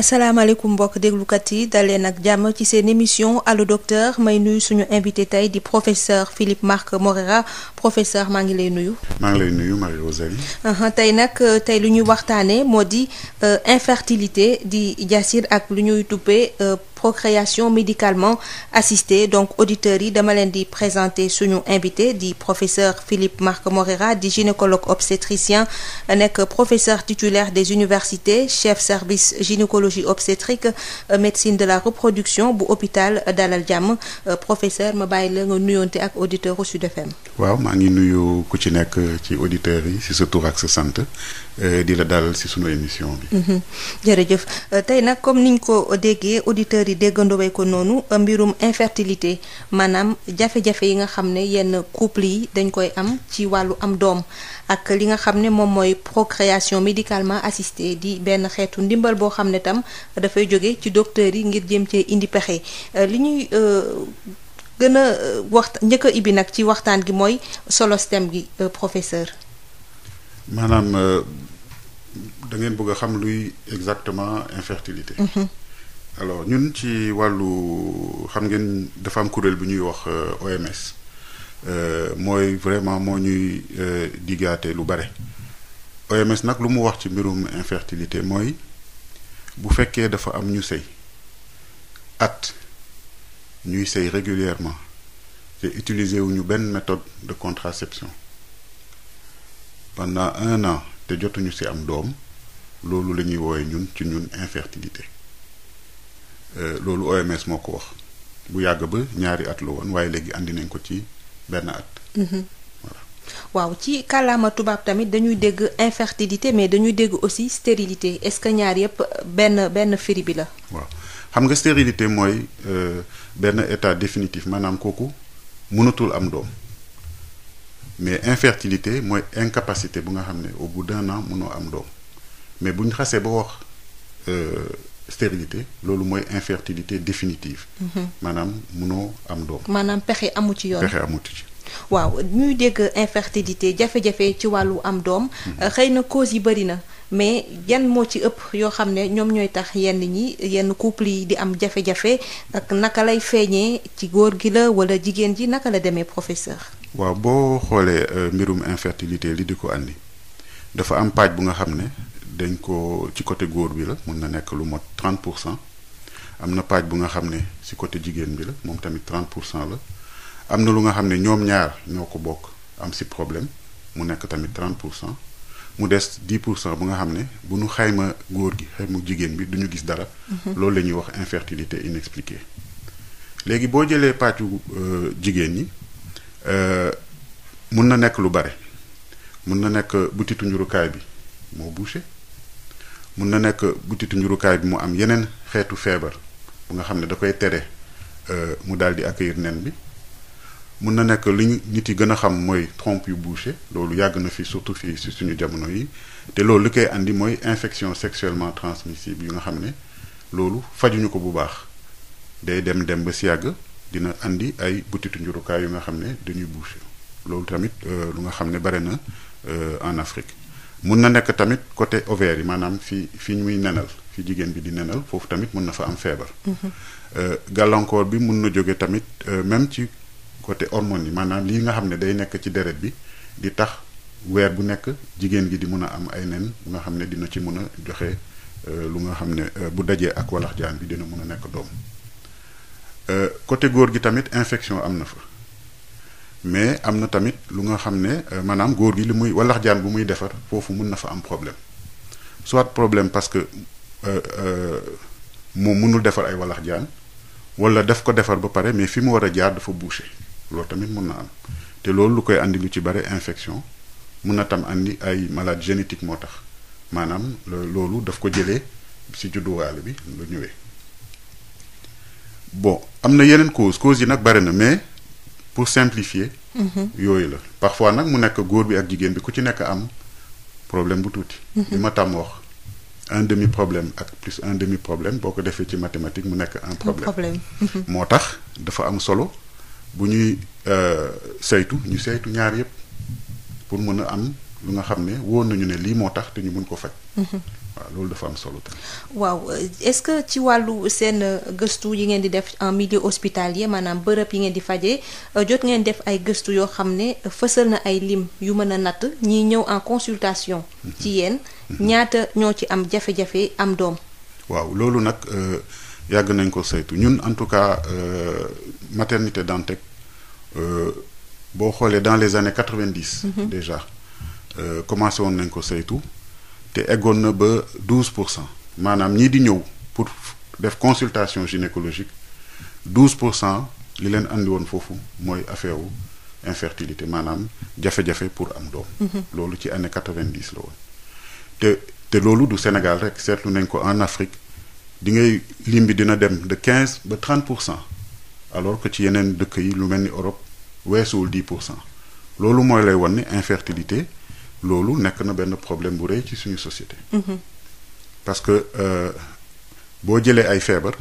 asalaamaaleykum mbokk déglukat yi daleen nag jàmm ci seen émission allo docteur may nuyu suñu invité tey di professeur Philippe Marc Moreira professeur maa ngi lay nuyu. maa ngi Marie Rosalie. Uh-huh. tey nag euh, tey lu ñuy waxtaanee moo di euh, infertilité di jasir ak lu ñuy tuppee euh, procréation médicalement assistée donc auditeurs yi dama leen di présenter suñu invité di professeur Philippe Marc Moreira di gynécologue obstétricien nekk professeur titulaire des universités chef service gynécologie obstétrique médecine de la reproduction bu hôpital Dalal Jàmm professeur ma bàyyi la nga nuyoonte ak auditeur u Sud FM. maa ngi nuyu ku ci nekk ci auditeurs yi si sa tur ak sa sant euh, di la dalal si sunu émission bi. Mm-hmm. jërëjëf euh, tey nag comme niñ ko déggee auditeurs yi déggandoo ko noonu euh, mbirum infertilité maanaam jafe-jafe yi nga xam ne yenn couple yi dañ koy am ci wàllu am doom ak li nga xam ne moom mooy procréation médicalement assistée di benn xeetu ndimbal boo xam ne tam dafay jóge ci docteur yi ngir jéem ci indi pexe li ñuy. gën a euh, njëkk a ibi nag ci waxtaan gi mooy solos thème gi euh, professeur. maanaam euh, da ngeen bëgg a xam luy exactement infertilité. Mhm. alors ñun ci wàllu xam ngeen dafa am kuréel bu ñuy wax OMS mooy vraiment moo ñuy diggaate lu bare. OMS nag lu mu wax ci mbirum infertilité mooy bu fekkee dafa am ñu sëy at. ñuy sëy régulièrement te utiliser wu ñu benn méthode de contraception pendant un an te jotuñu ci am doom loolu la ñuy wooye ñun ci ñun infertilité euh, loolu OMS moo ko wax bu yàgg ba ñaari at la woon waaye léegi andi nañ ko ci benn at. Mhm. waaw ci kàllaama tubaab tamit dañuy dégg infertilité mais dañuy dégg aussi stérilité est-ce que ñaar yépp benn benn firi bi la. waaw xam nga stérilité mooy. Euh, benn état définitif maanaam kooku mënatul am doom mais infertilité mooy incapacité bu nga xam ne au bout mënoo am doom mais bu xasee ba wax euh, stérilité loolu mooy infertilité définitive. Mhm. maanaam mënoo am doom. maanaam pexe amu ci yoon pexe amu ci. waaw ñuy dégg infertilité jafe-jafe ci wàllu am doom. Mhm. xëy na causes yi bari na. mais yan moo ci ëpp yoo xam ne ñoom ñooy tax yenn ñi yenn couple yi di am jafe-jafe ak naka lay feeñee ci góor gi la wala jigéen ji naka la demee professeur. waaw boo xoolee euh, mbirum infertilité li di ko andi dafa am pàcc bu nga xam ne dañ ko ci côté góor bi la mun na nekk lu mot 30 pour cent am na pàcc bu nga xam ne si côté jigéen bi la moom tamit 30 pour cent la am na lu nga xam ne ñoom ñaar ñoo ko bokk am si problème mu nekk tamit 30 pour cent. mu des 10 pour cent bu nga xam ne bu nu xayma góor gi xayma jigéen bi duñu gis dara. Mhm. loolu la ñuy wax infertilité inexpliquée. léegi boo jëlee pàccu euh, jigéen ñi euh, mun na nekk lu bare mun na nekk butitu njurukaay bi moo bouché mun na nekk butitu njurukaay bi mu am yeneen xeetu feebar bu nga xam ne da koy tere euh, mu daal di accueillir nen bi. mun na nekk li ñu nit yi gën a xam mooy trompe yu bouché loolu yàgg na fi surtout fii si suñu jamono yi te loolu li koy indi mooy infection sexuellement transmissible yu nga xam ne loolu fajuñu ko bu baax day dem dem ba si yàgg dina indi ay butitu njurukaay yu nga xam ne dañuy bouché loolu tamit euh, lu nga xam ne bare na euh, en Afrique mun na nekk tamit côté ovaire yi maanaam fi fii muy nenal fi jigéen bi di nenal foofu tamit mun na fa am feebar. Mm-hmm. Euh, gàllankoor bi mun na tamit même ci. côté hormone yi maanaam lii nga xam ne day nekk ci deret bi di tax weer bu nekk jigéen gi di mun a am ay nen bu nga xam ne dina ci mun a joxe euh, lu nga xam ne euh, bu dajee ak walax jaan bi dina mun a nekk doom euh, côté góor gi tamit infection am na fa mais am na tamit lu nga xam ne maanaam góor gi li muy walax jaan bu muy defar foofu mun na fa am problème soit problème parce que moom mënul defar ay walax jaan wala daf ko defar ba pare mais fi mu war a jaar dafa bouché loolu tamit mun na am te loolu lu koy indi lu ci bari infection mun na tam indi ay malade génétique moo tax maanaam loolu daf ko jëlee si judduwaale bi lu ñëwee bon am na yeneen cause cause yi nag bari na mais pour simplifier mhm. yooyu la parfois nag mu nekk góor bi ak jigéen bi ku ci nekk am problème bu tuuti mhm. li ma tam wax un demi problème ak plus un demi problème boo ko defee ci mathématique mu nekk un problème mhm. moo tax dafa am solo bu ñuy euh, saytu ñu saytu ñaar yépp pour mën a am lu nga xam ne woon nañu ne lii moo tax te ñu mën ko faj. Mhm. waaw loolu dafa am solo tamit. waaw euh, est-ce que ci wàllu seen euh, gëstu yi ngeen di def en milieu hospitalier maanaam bërëb yi ngeen di fajee jot ngeen def ay gëstu yoo xam ne fësal na ay lim yu mën a natt ñiy ñëw en consultation. ci mhm. yéen mhm. ñaata ñoo ci am jafe-jafe am doom. waaw loolu nag. yàgg nañ ko saytu ñun en tout cas euh, maternité Dantec euh, boo xoolee dans les années quatre-vingt-dix. Mhm. déjà euh, commencé woon nañ ko saytu te eggoon na ba douze pour cent maanaam ñii di ñëw pour def consultation gynécologique douze pour cent li leen andi woon foofu mooy affaire wu infertilité maanaam jafe-jafe pour am doom. Mhm. loolu ci année quatre-vingt-dix la woon te te loolu du Sénégal rek seetlu nañ ko en Afrique. di ngay lim bi dina dem de quinze ba trente pour cent alors que ci yeneen dëkk yi lu mel ni Europe weesuwul dix pour cent loolu mooy lay wan ni infertilité loolu nekk na benn problème bu rëy ci suñu société. Mhm. parce que euh, boo jëlee ay feebar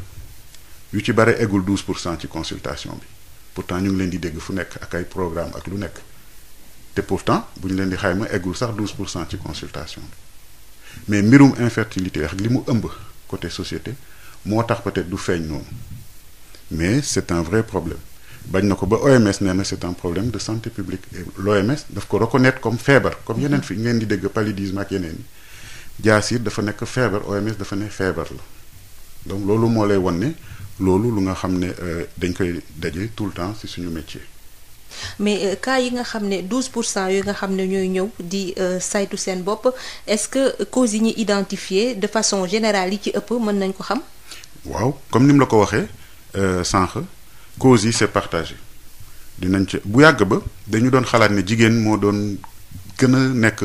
yu ci bare eggul douze pour cent ci consultation bi pourtant ñu ngi leen di dégg fu nekk ak ay programme ak lu nekk te pourtant bu ñu leen di xayma eggul sax douze pour cent ci consultation bi mais mbirum infertilité ak li mu ëmb. côté société moo tax peut du feeñ noonu mais c'est un vrai problème bañ na ko ba OMS nee na c'est un problème de santé publique et l'OMS daf ko reconnaître comme feebar comme yeneen fi ngeen di dégg paludisme ak yeneen yi jaasir dafa nekk feebar OMS dafa ne feebar la donc loolu moo lay wan ne loolu lu nga xam ne euh, dañ koy daje tout le temps si suñu métier mais euh, cas yi nga xam ne 12 pour cent yooyu nga xam ne ñooy ñëw di euh, saytu seen bopp est-ce que causes yi ñu identifié de façon général yi ci ëpp mën nañ ko xam. waaw comme ni mu la ko waxee euh, sànq causes yi c'est partagé dinañ ci bu yàgg ba dañu doon xalaat ne jigéen moo doon gën a nekk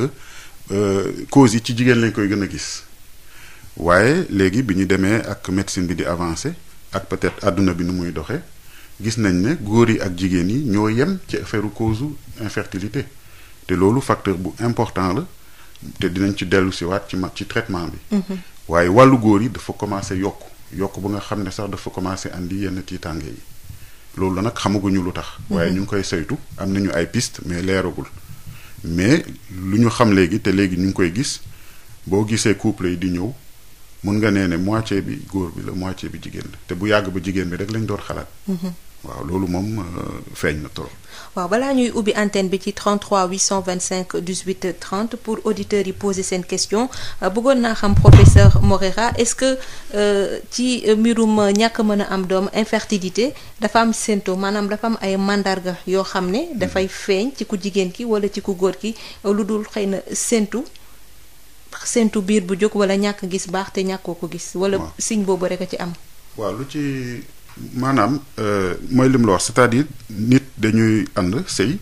causes yi ci jigéen lañ koy gën a gis waaye léegi bi ñu demee ak médecine bi di avancé ak peut-être àdduna bi nu muy doxee. gis nañ ne góor yi ak jigéen yi ñoo yem ci affaire cause infertilité te loolu facteur bu important la te dinañ ci dellu siwaat ci ma ci traitement bi mhm. waaye wàllu góor yi dafa commencé yokk yokk bu nga xam ne sax dafa commencé indi yenn tiitaange yi loolu la nag xamaguñu lu tax mhm. waaye ñu ngi koy saytu am nañu ay piste mais leeragul mais lu ñu xam léegi te léegi ñu ngi koy gis boo gisee couple yi di ñëw mun nga nee ne moitié bi góor bi la moitié bi jigéen la te bu yàgg ba jigéen bi rek lañ doon xalaat mhm. waaw loolu moom euh, feeñ na trop. waaw balaa ñuy ubbi antenne bi ci cinq 825 18 30 pour auditeurs yi poser seen question euh, bëggoon naa xam professeur Moreira est-ce que euh, ci mbirum ñàkk mën a am doom infertilité dafa am symptôme maanaam dafa am ay mandarga yoo xam ne dafay mm-hmm. feeñ ci ku jigéen ki wala ci ku góor ki lu dul xëy na séntu séntu biir bu jóg wala ñàkk gis baax te ñàkkoo ko gis. wala signe boobu rek a ci am. waaw lu ci. maanaam euh, mooy lim la wax cest nit dañuy ànd sëy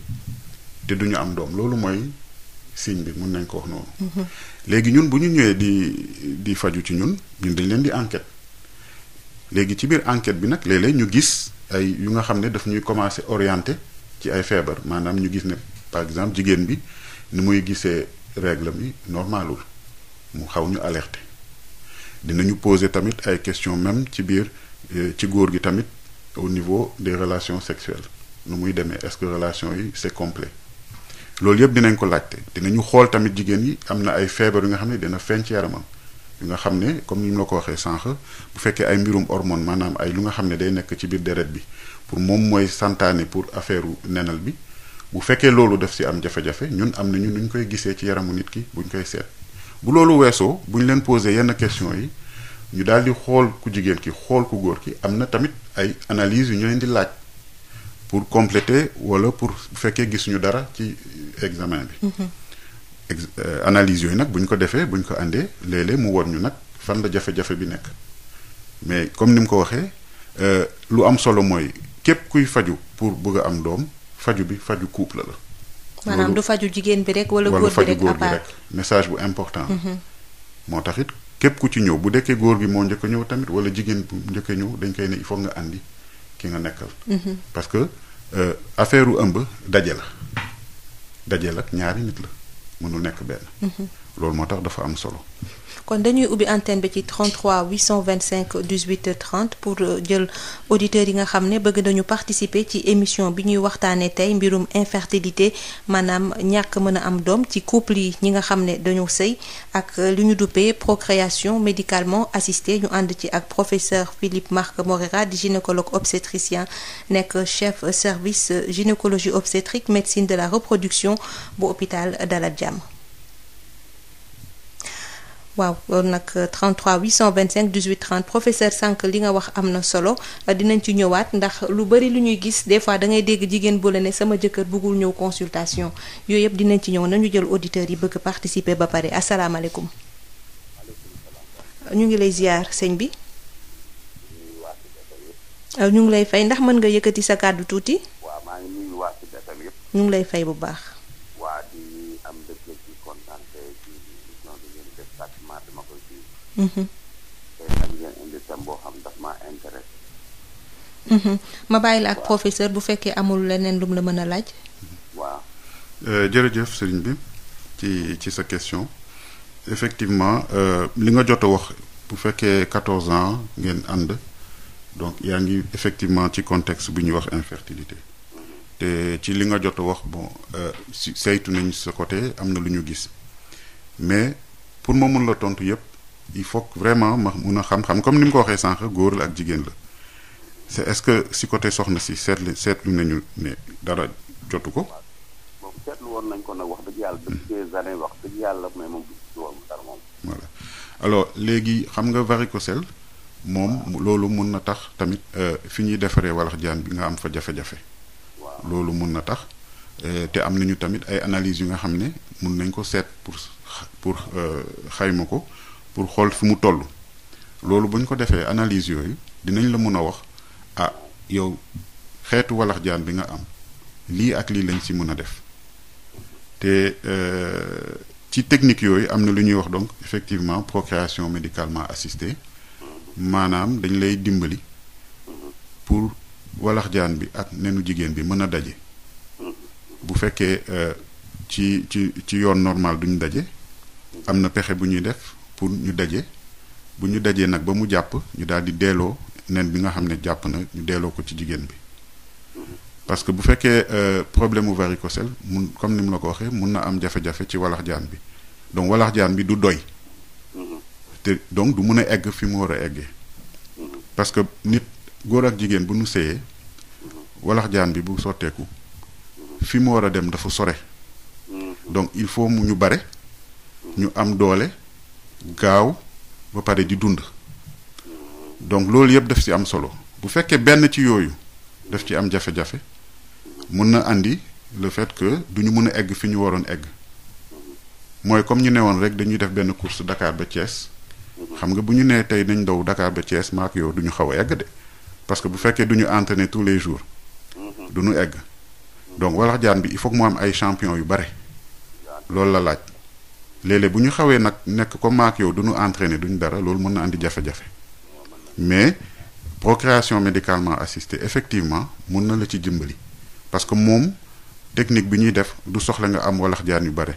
te duñu am doom loolu mooy signe bi mun nañ ko wax noonu. Mhm. léegi ñun bu ñu ñëwee di di faju ci ñun ñun dañ leen di enquête léegi ci biir enquête bi nag léeg ñu gis ay yu nga xam ne daf ñuy commencer orienter ci ay feebar maanaam ñu gis ne par exemple jigéen bi ni muy gisee règle mi normalul mu xaw ñu alerter dinañu poser tamit ay questions même ci biir. Euh, ci góor gi tamit au niveau des relations sexuelles nu muy demee est-ce que relation yi c'est complet loolu yëpp dinañ ko laajte dinañu xool tamit jigéen yi am na ay feebar yu nga xam ne dina feeñ ci yaramam yu nga xam ne comme ni mu la ko waxee sànq bu fekkee ay mbirum hormone maanaam ay lu nga xam ne day nekk ci biir deret bi pour moom mooy santaane pour affaire nenal bi bu fekkee loolu def si am jafe-jafe ñun am nañu nu ñu koy gisee ci yaramu nit ki buñ koy seet bu loolu weesoo buñ leen posé yenn question yi ñu daal di xool ku jigéen ki xool ku góor ki am na tamit ay analyses yu ñu leen di laaj pour compléter wala pour bu fekkee gisuñu dara ci examen bi. Mhm. ex euh, yooyu nag bu ñu ko defee bu ñu ko indee léeg mu won ñu nag fan la jafe-jafe bi nekk mais comme ni mu ko waxee euh, lu am solo mooy képp kuy faju pour bëgg am doom faju bi faju couple la. maanaam du faju jigéen bi rek. wala góor bi rek wala góor bi rek message bu important. Mhm. moo tax képp ku ci ñëw bu dekkee góor gi moo njëkk ñëw tamit wala jigéen bu njëkk ñëw dañ koy ne il nga àndi ki nga nekkal. Mhm. parce que euh, affaire u ëmb daje la daje la ñaari nit la mënul nekk benn. Mhm. loolu moo tax dafa am solo. kon dañuy ubbi antenne bi ci 33 825 18 30 pour euh, jël auditeurs yi nga xam ne bëgg nañu participer ci émission bi ñuy waxtaanee tey mbirum infertilité maanaam ñàkk mën a am doom ci couple yi ñi nga xam ne dañoo sëy ak euh, lu ñu duppee procréation médicalement assistée ñu ànd ci ak professeur Philippe Marc Moreira di gynécologue obstétricien nekk chef service gynécologie obstétrique médecine de la reproduction bu hôpital Dalal Jàmm waaw loolu nag 33 825 18 30 professeur Sànq li nga wax am na solo euh, dinañ ci ñëwaat ndax lu bari lu ñuy gis des fois da ngay dégg jigéen bu la ne sama jëkkër buggul ñëw consultation yooyu yëpp dinañ ci ñëw nañu jël auditeurs yi bëgg participer ba pare asalaamaaleykum. ñu ngi lay ziar sëñ bi. Euh, ñu ngi lay fay ndax mën nga yëkkati sa kàddu tuuti. ñu ngi lay fay bu baax. boo xam daf maa ma bàyyi la ak professeur bu fekkee amul leneen lu mu la mën a laaj. waaw. Euh, jërëjëf sëriñ bi ci ci sa question effectivement euh, li nga jot a wax bu fekkee 14 ans ngeen ànd donc yaa ngi effectivement ci contexte bu ñuy wax infertilité te ci li nga jot a wax bon euh, saytu nañ sa côté am na lu ñu gis mais pour ma mën la tontu yépp il faut que ma mun a xam-xam comme ni mu ko waxee sànq góor la ak jigéen la c' est est ce que si côté soxna si seetlu seetlu nañu ne dara jotu ko. boobu woon nañ ko nag wax dëgg yàlla depuis des yàlla mais moom léegi xam nga ko sel moom loolu mun na tax tamit euh, fi ñuy defaree walax jaan bi nga am fa jafe-jafe. loolu mun na tax euh, te am nañu tamit ay analyses yu nga xam ne mun nañ ko seet pour pour euh, xayma ko. pour xool fi mu toll loolu bu ñu ko defee analyse yooyu dinañ la mën a wax ah yow xeetu walax jaan bi nga am lii ak lii lañ si mën a def te euh, ci technique yooyu am na lu ñuy wax donc effectivement procréation médicalement assistée maanaam dañ lay dimbali pour walax jaan bi ak nenu jigéen bi mën a daje bu fekkee euh, ci ci ci yoon normal duñ daje am na pexe bu ñuy def pour ñu daje bu ñu dajee nag ba mu jàpp ñu daal di delloo nen bi nga xam ne jàpp na ñu delloo ko ci jigéen bi parce que bu fekkee euh, problème mu varicocèle mun comme ni mu la ko waxee mun na am jafe-jafe ci walax jaan bi donc walax jaan bi du doy te donc du mun a egg fi mu war a eggee parce que nit góor ak jigéen bu nu séyee walax jaan bi bu sotteeku fi mu war a dem dafa sore donc il faut mu ñu bare ñu am doole gaaw ba pare di dund donc loolu yëpp daf ci am solo bu fekkee benn ci yooyu daf ci am jafe-jafe mun na indi le fait que du ñu mën a egg fi ñu waroon egg mooy comme ñu ne woon rek dañuy def benn course dakaar ba Thiès xam nga bu ñu nee tey dañ daw dakaar ba Thiès maak yow du ñu xaw a egg de parce que bu fekkee du ñu entraîner tous les jours du ñu egg donc walax jaan bi il foog que mu am ay champion yu bare loolu la laaj. léeg bu ñu xawee nag nekk ko maak yow du ñu entraîner duñu dara loolu mën na andi jafe-jafe mais procréation médicalement assistée effectivement mun na la ci dimbali parce que moom technique bi ñuy def du soxla nga am walax jaan yu bare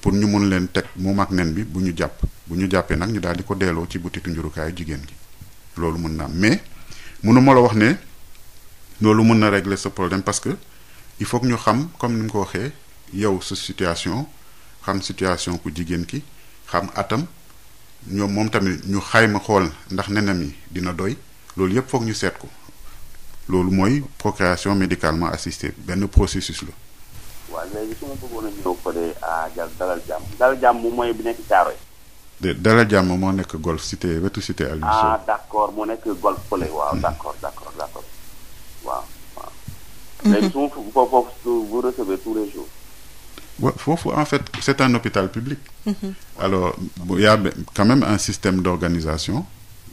pour ñu mun leen teg moom ak nen bi bu ñu jàpp bu ñu jàppee nag ñu daal di ko delloo ci butitu njurukaayu jigéen gi loolu mën na am mais mënuma la wax ne loolu mën na régler sa problème parce que il faut ñu xam comme ni mu ko waxee yow sa situation xam situation ku jigéen ki xam atam ñoom moom tamit ñu xayma xool ndax nenam yi dina doy loolu yépp foog ñu seet ko loolu mooy procréation médicalement assistée benn processus la. waaw léegi su ma bëggoon a ñëw côté à dalal jàmm dalal jàmm moo nekk golf cité wetu cité Aliou d'accord moo nekk golf fële waaw d'accord d'accord d'accord waaw waaw. les wa foofu en fait c'est un hôpital public mm -hmm. alors il y a quand même un système d'organisation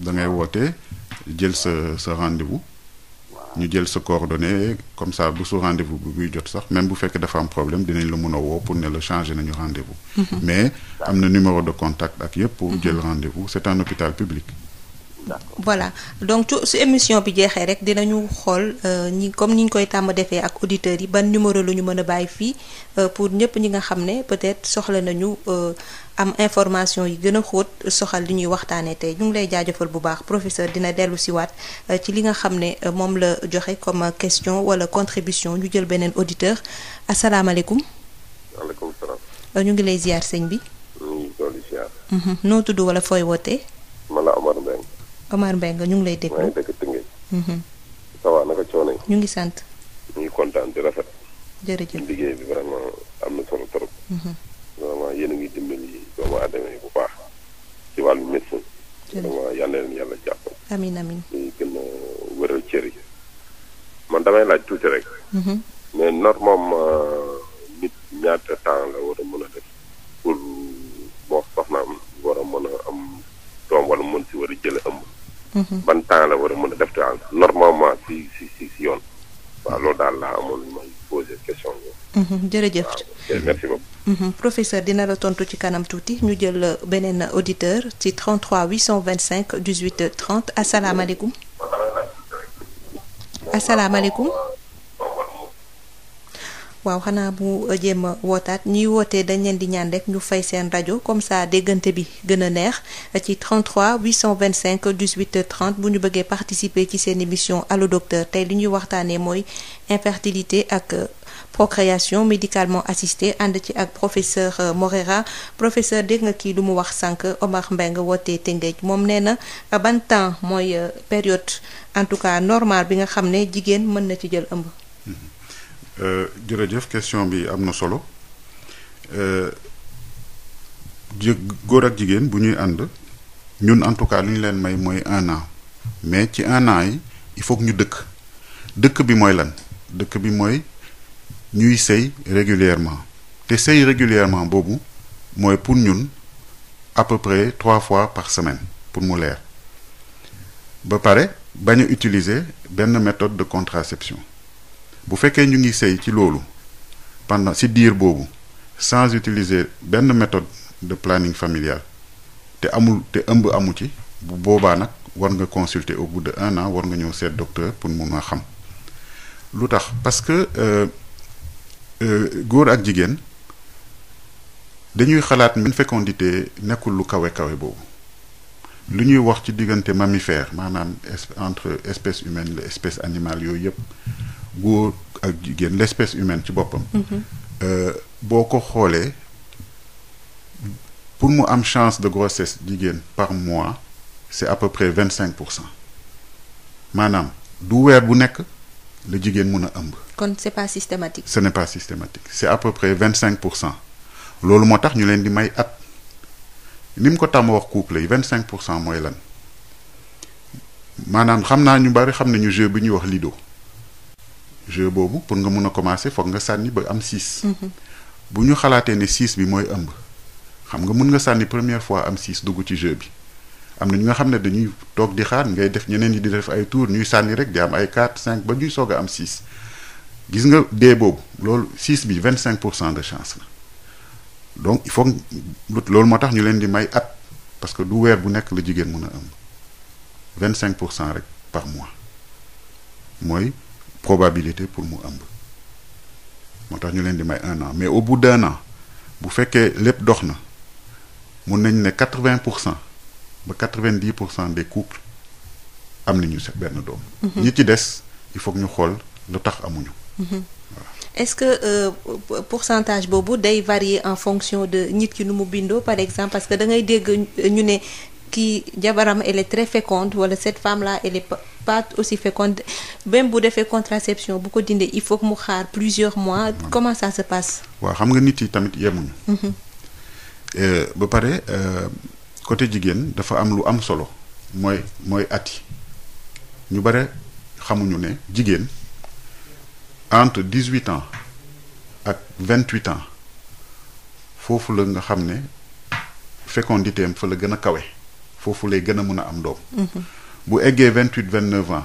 da ngay woote jël sa sa rendez ñu jël sa coordonnée comme ça bu su rendez-vous buy jot sax même bu fekk dafa am problème dinañ la mun a woo pour ne la changer nañu rendez mhm. mais am na numéro de contact ak yëpp pour mhm. jël rendez-vous c'est un hôpital public voilà donc su émission bi jeexee rek dinañu xool euh, ñi comme ni ñu koy tàmm defee ak auditeurs yi ban numéro lu ñu mën a bàyyi fii euh, pour ñëpp ñi nga xam ne peut-être soxla na nañu euh, am information yi gën a xóot soxal li ñuy waxtaanee tey ñu ngi lay jaajëfal bu baax professeur dina dellu siwaat ci li nga xam ne moom la joxe comme question wala contribution ñu jël beneen auditeur asalaamaaleykum. ñu ngi lay ziar sëñ bi. ñu ngi mhm. noo tudd wala fooy wootee. Omar Mbengue ñu ngi lay déglu waaye dëkk Tëngéej. Mm-hmm. ça va naka coono ñu ngi sant. ñu ngi kontaan di rafet. jërëjëf liggéey bi vraiment am na solo trop. Mm-hmm. vraiment yéen a ngi dimbali doomu aadama yi bu baax ci wàllu médecine. vraiment yal na leen yàlla jàpp. amiin amiin ñu gën a wëral cër yi. man damay laaj tuuti rek. Mm-hmm. mais normalement nit ñaata temps la war a mën a def pour boo soxnaam war a mën a am doom wala mën si war a jële ëmb. Mhm. ban temps la war a mën a def daal normalement si si yoon. waaw loolu daal laa amoon lu may poser question boobu. Mhm, jërëjëf waaw mhm, professeur dina la tontu ci kanam tuuti ñu jël euh, beneen auditeur ci cinq 825 18 30 asalaamaaleykum. asalaamaaleykum. waaw xanaa bu euh, jéem wootaat ñuy wootee dañ leen di ñaan rek ñu fay seen rajo comme ça déggante bi gën a neex ci 33 825 18 30 bu ñu bëggee participer ci seen émission allo docteur tey li ñuy waxtaanee mooy infertilité ak euh, procréation médicalement assistée ànd ci ak professeur euh, Morera professeur dégg nga kii lu mu wax sànq Omar Mbengue wootee te Tëngéej moom nee na ban temps mooy période en tout cas normal bi nga xam ne jigéen mën na ci jël ëmb. Mm-hmm. Euh, jërëjëf question bi am na solo euh, jë góor ak jigéen bu ñuy ànd ñun en tout cas lu ñu leen may mooy un an mais ci un an yi il faut ñu dëkk dëkk bi mooy lan dëkk bi mooy ñuy sëy régulièrement te sëy régulièrement boobu mooy pour ñun à trois fois par semaine pour mu leer ba pare bañ a utiliser benn méthode de contraception bu fekkee ñu ngi sëy ci loolu pendant ci diir boobu sans utiliser benn méthode de planning familial te amul te ëmb amu ci bu boobaa nag war nga consulter au bout de un an war nga ñëw seet docteur pour mun a xam lu tax parce que euh, euh, góor ak jigéen dañuy xalaat même fécondité nekkul lu kawe kawe boobu lu ñuy wax ci diggante mammifère maanaam entre espèce humaine la espèce animale yooyu yëpp góor ak jigéen l'espèce humaine ci boppam mhm. euh, boo ko xoolee pour mu am chance de grossesse jigéen par mois c'est à près vingt cinq pour cent maanaam du weer bu nekk la jigéen mun a ëmb. kon c'est pas systématique. ce n'est pas systématique c'est à peu près vingt cinq pour cent loolu moo tax ñu leen di may at ni ko tàmm wax couple yi vingt cinq pour cent mooy lan maanaam xam naa ñu bari xam nañu jeu bi ñuy wax lido. jeu boobu pour nga mun a commencer foog nga sànni ba am 6. bu ñu xalaatee ne 6 bi mooy ëmb xam nga mun nga sànni première fois am 6 dugg ci jeu bi am na ñu nga xam ne dañuy toog di xaar ngay def ñeneen yi di def ay tour ñuy sànni rek di am ay 4 5 ba ñuy soog am 6 gis nga dee boobu loolu 6 bi cinq pour cent de chance la donc il faut loolu moo tax ñu leen di may at parce que du weer bu nekk la jigéen mun a ëmb cinq pour cent rek par mooy. probabilité pour mu ëmb moo tax ñu leen di may un an mais au bout d'un an bu fekkee lépp dox na mun nañ ne quatre-vingt pour cent ba quatre-vingt-dix pour cent des couples am ñu sa benn doom. Mhm. ñi ci des il faut ñu xool lu tax amuñu. Mhm. voilà est-ce que euh, pourcentage boobu day varier en fonction de nit ki nu mu bindoo par exemple parce que da ngay dégg ñu ne kii jabaram elle est très féconde wala cette femme là elle est pas aussi féconde même bu defee contraception bu ko dindee il faut mu xaar plusieurs mois comment ça se passe. waa xam nga nit yi tamit yemuñu. Mhm. Euh, ba pare euh, côté jigéen dafa am lu am solo mooy mooy at yi ñu bare xamuñu ne jigéen entre dix huit ans ak vingt huit ans foofu la nga xam ne fécondité am fa la gën a kawe foofu lay gën a mën a am doom. Mhm. bu eggee vingt huit vingt neuf ans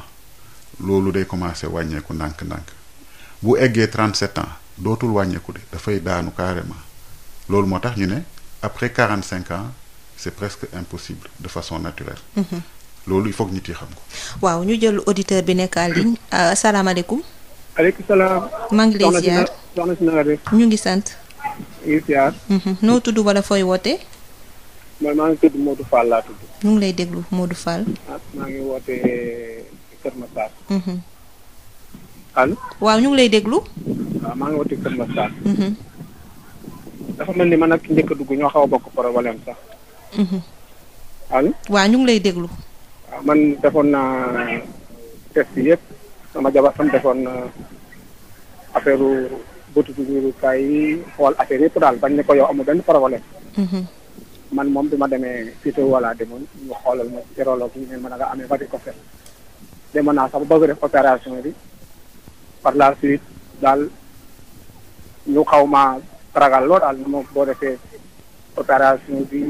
loolu day commencé wàññeeku ndànk-ndànk bu eggee trente sept ans dootul wàññeeku de dafay daanu carrément loolu moo tax ñu ne après quarante cinq ans c'est presque impossible de façon naturelle. Mhm. loolu il faut que nit yi xam ko. waaw ñu jël auditeur bi nekk en ligne euh, asalaamaaleykum. aleykum salaam. maa ngi lay ziar ñu ngi sant. Mhm. noo tudd wala fooy wootee. man maa ngi tudd Modou Fall laa tudd. ñu ngi lay déglu Modou Fall. Ah, maa ngi woote Kër ñu ngi lay déglu. maa ngi woote Kër Massar. dafa ni man ak njëkk a dugg ñoo sax. allo. waaw ñu ngi lay déglu. Ah, mhm. mhm. waaw ah, man defoon naa test yëpp sama jabar tam defoon na affaire bëtu dugub kaay yi xool affaire yëpp daal bañ ne ko yow amul benn problème. Mhm. man moom bi ma demee Pito wala demoon ñu xoolal ma urologue yi ne ma nga amee varicocèle demoon naa sax bëgg def opération bi par la suite daal ñu xawma ragal loo daal moom boo defee opération bi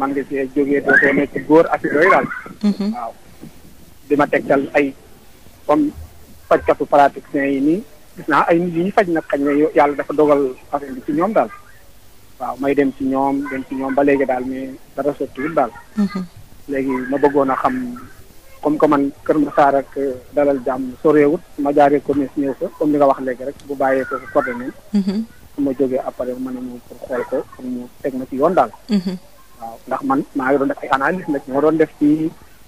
man nga see jógee dootoo nekk góor affaire yooyu daal. Mhm. waaw di tegtal ay comme fajkatu praticiens yi nii gis naa ay nit yi ñuy faj nag xañ na yàlla dafa dogal affaire bi ci ñoom daal. waaw may dem ci ñoom dem ci ñoom ba léegi daal mais dara sottiwul daal. Mhm. léegi ma bëggoon a xam comme que man Kër Massar ak euh, Dalal Jàmm soreewut ma jaaree commerce ñëw fa comme li nga wax léegi rek bu bàyyee ko fa côté mhm. ma jógee après ma ne moom pour xool ko ma ci yoon daal. Mhm. waaw ndax man maa ngi doon def ay analyse nag moo doon def ci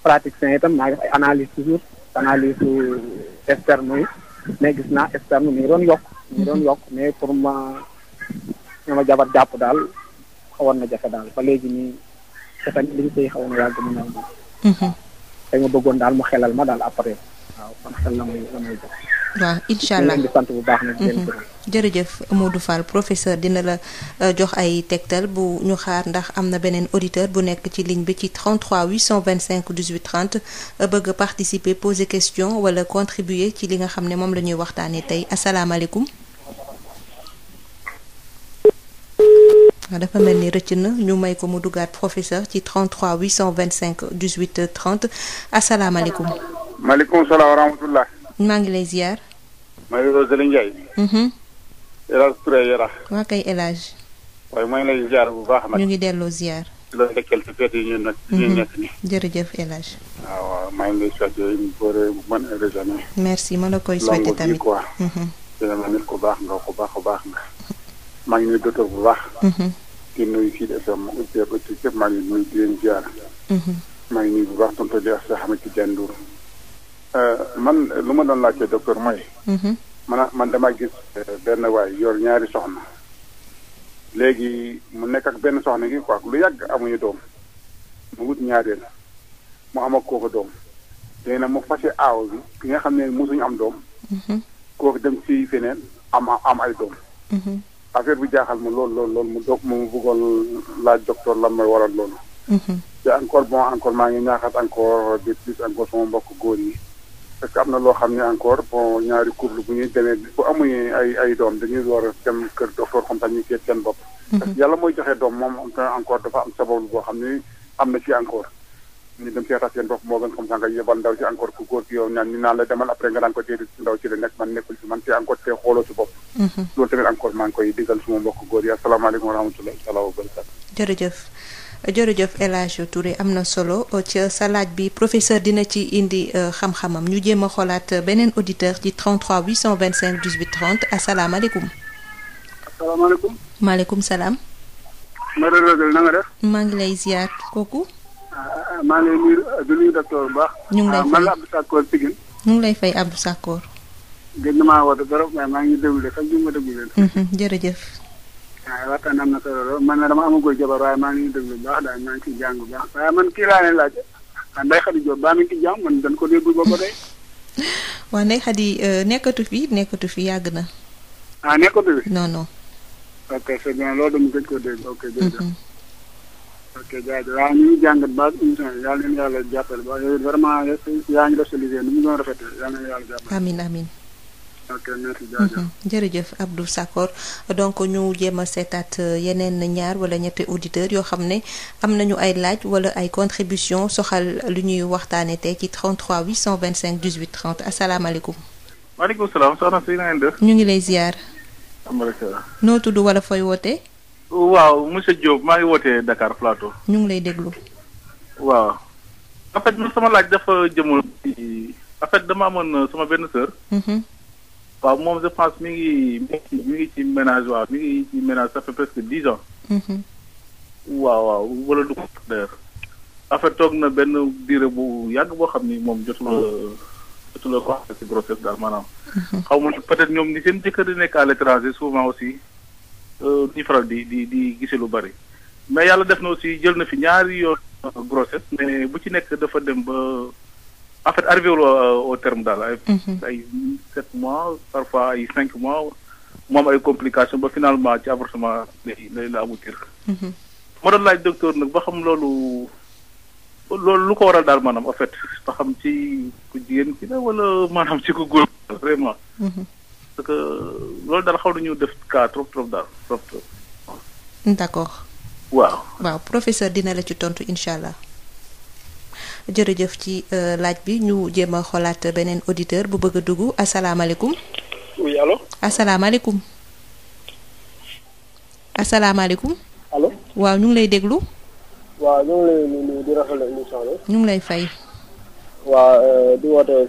pratique sain tam maa ngi def ay analyse toujours analyse euh, externe yi mais gis naa externe mi ngi doon yokk. mi ngi doon yokk mais pour ma. ñoo ma jabar jàpp daal xawoon na jafe daal ba léegi nii te tamit li ñu koy mhm. ma bëggoon daal mu xelal ma daal après. waaw kon xel la muy la muy jox. allah di sant baax nag mhm. jërëjëf Modou Fall professeur dina la euh, jox ay tegtal bu ñu xaar ndax am na beneen auditeur bu nekk ci ligne bi ci 33 825 18 30 bëgg a participer poser question wala contribuer ci li nga xam ne moom la ñuy waxtaanee tey asalaamaaleykum. Ah, dafa mel ni rëcc na ñu may ko mu dugaat professeur ci 33 825 18 30 asalaamaaleykum. maaleykum salaam wa rahmatullah. maa ngi lay ziar. maa ngi lay Zali Ndiaye. Mhm. El Hadj Touré Yara. waa kay El Hadj. maa ngi lay ziar bu baax nag. ñu ngi delloo ziar. di la dëkkal ci fête yi ñu nag. ñu mhm. nekk nii. jërëjëf El Hadj. waaw waaw merci ma la koy souhaité tamit quoi. dina mhm. la nit ku baax nga baax ku baax nga. maa ngi di nuyu Sud FM auditeur auditrice yëpp maa ngi nuyu di leen ziar. Mhm. maa ngi nuyu bu baax tonton di wax Cheikh Ahmed Tidiane Ndour euh, man lu ma doon laajte docteur mooy. Mhm. man man damaa gis euh, benn waay yor ñaari soxna. léegi mu nekk ak benn soxna gi quoi lu yàgg amuñu doom mu wut ñaareel mu am ak kooku doom léegi nag mu fase aaw bi ki nga xam ne mosuñu am doom. Mhm. kook dem ci feneen am am ay doom. affaire bu jaaxal ma lool lool lool mu doog mu bëggoon laaj docteur lan mooy waral loolu. Mm-hmm. te encore bon encore maa ngi ñaaxaat encore de plus encore sama mbokk góor yi. parce que am na loo xam ne encore bon ñaari couple bu ñuy demee bu amuñu ay ay doom dañuy war a dem kër docteur compagnie ñu seet seen bopp. Mm-hmm. parce yàlla mooy joxe doom moom encore dafa am sababu boo xam ne am na ci encore. ñu dem seetaat seen bopp moo gën xam sa nga yebal ndaw si encore ku góor gi yow naan ñu naan la demal après nga naan ko déedéet ndaw si la nekk man nekkul si man te encore te xooloo mhm. yi asalaamaaleykum wa rahmatullahi taala wa barakatu jërëjëf jërëjëf El Hadj sa laaj bi professeur dina ci indi euh, a xoolaat euh, def. maa ngi lay ziar kooku. maa ngi lay nuyu di bu baax. ñu ngi lay ah, fay man la Abdou Sakkoor Pikine. ñu ngi lay fay Abdou Sakkoor. gëj maa woote trop mais maa ngi déglu sax ñu ma déglu leen. Mhm, jërëjëf. waaw waxtaan am na solo lool man dama amagul jabar waaye maa ngi déglu bu baax daal maa ngi ciy jàng bu baax waaye man kii laa leen ah, ko déglu ba euh, nekkatu fi nekkatu fi yàgg na. ah nekkatu fi. non bien loolu dama gëj ko dégg ok jërëjëf mhm. ok jaajëf waaw ñu ngi jàngat baax mm-hmm. jërëjëf Abdou Sakor donc ñu jéem a seetaat euh, yeneen ñaar wala ñetti auditeurs yoo xam ne am nañu ay laaj wala ay contribution soxal lu ñuy waxtaanee tey ci 33 825 18 30 asalaamaaleykum. maaleykum salaam soxna si na ñu ngi lay ziar. noo tudd wala foy wootee. waaw monsieur Diop maa ngi wootee Dakar Plateau. ñu ngi lay déglu. waaw. en fait man sama laaj dafa jëmul ci en fait dama amoon euh, sama benn sœur. Mhm. waaw moom je pense mi ngi mi ngi ci ménage waaw mi ngi ci ménage ça fait presque dix ans. Mhm. waaw waaw wala du ko d'ailleurs. en fait toog na benn diire bu yàgg boo xam ni moom jotul oh. euh, jotul ko si grossesse daal maanaam. Mhm. xaw ma peut ñoom ni seen jëkkër di nekk à l'étranger souvent aussi. Euh, duñu faral di di di gisee lu bari mais yàlla def na aussi jël na fi ñaari yoon euh, grossesse mais bu ci nekk dafa dem ba en fait arrivé wul euh, au terme daal. Mhm. ay sept mois parfois ay cinq mois moom ay complications ba finalement ci avortement lay lay la aboutir. ma mhm. doon laaj nag ba xam loolu loolu lu ko waral daal maanaam en fait ba xam ci ku jigéen ki la wala maanaam ci ku góor vraiment. Mhm. parce que loolu daal xaw nañu def cas trop trop daal d'accord. waaw waaw dina la ci tontu incha allah. jërëjëf ci euh, laaj bi ñu jéem a xoolaat beneen auditeur bu bëgg a dugg asalaamaaleykum. oui asalaamaaleykum. asalaamaaleykum. waaw ñu ngi lay déglu. waaw ñu ngi lay nuyu fay. waaw euh,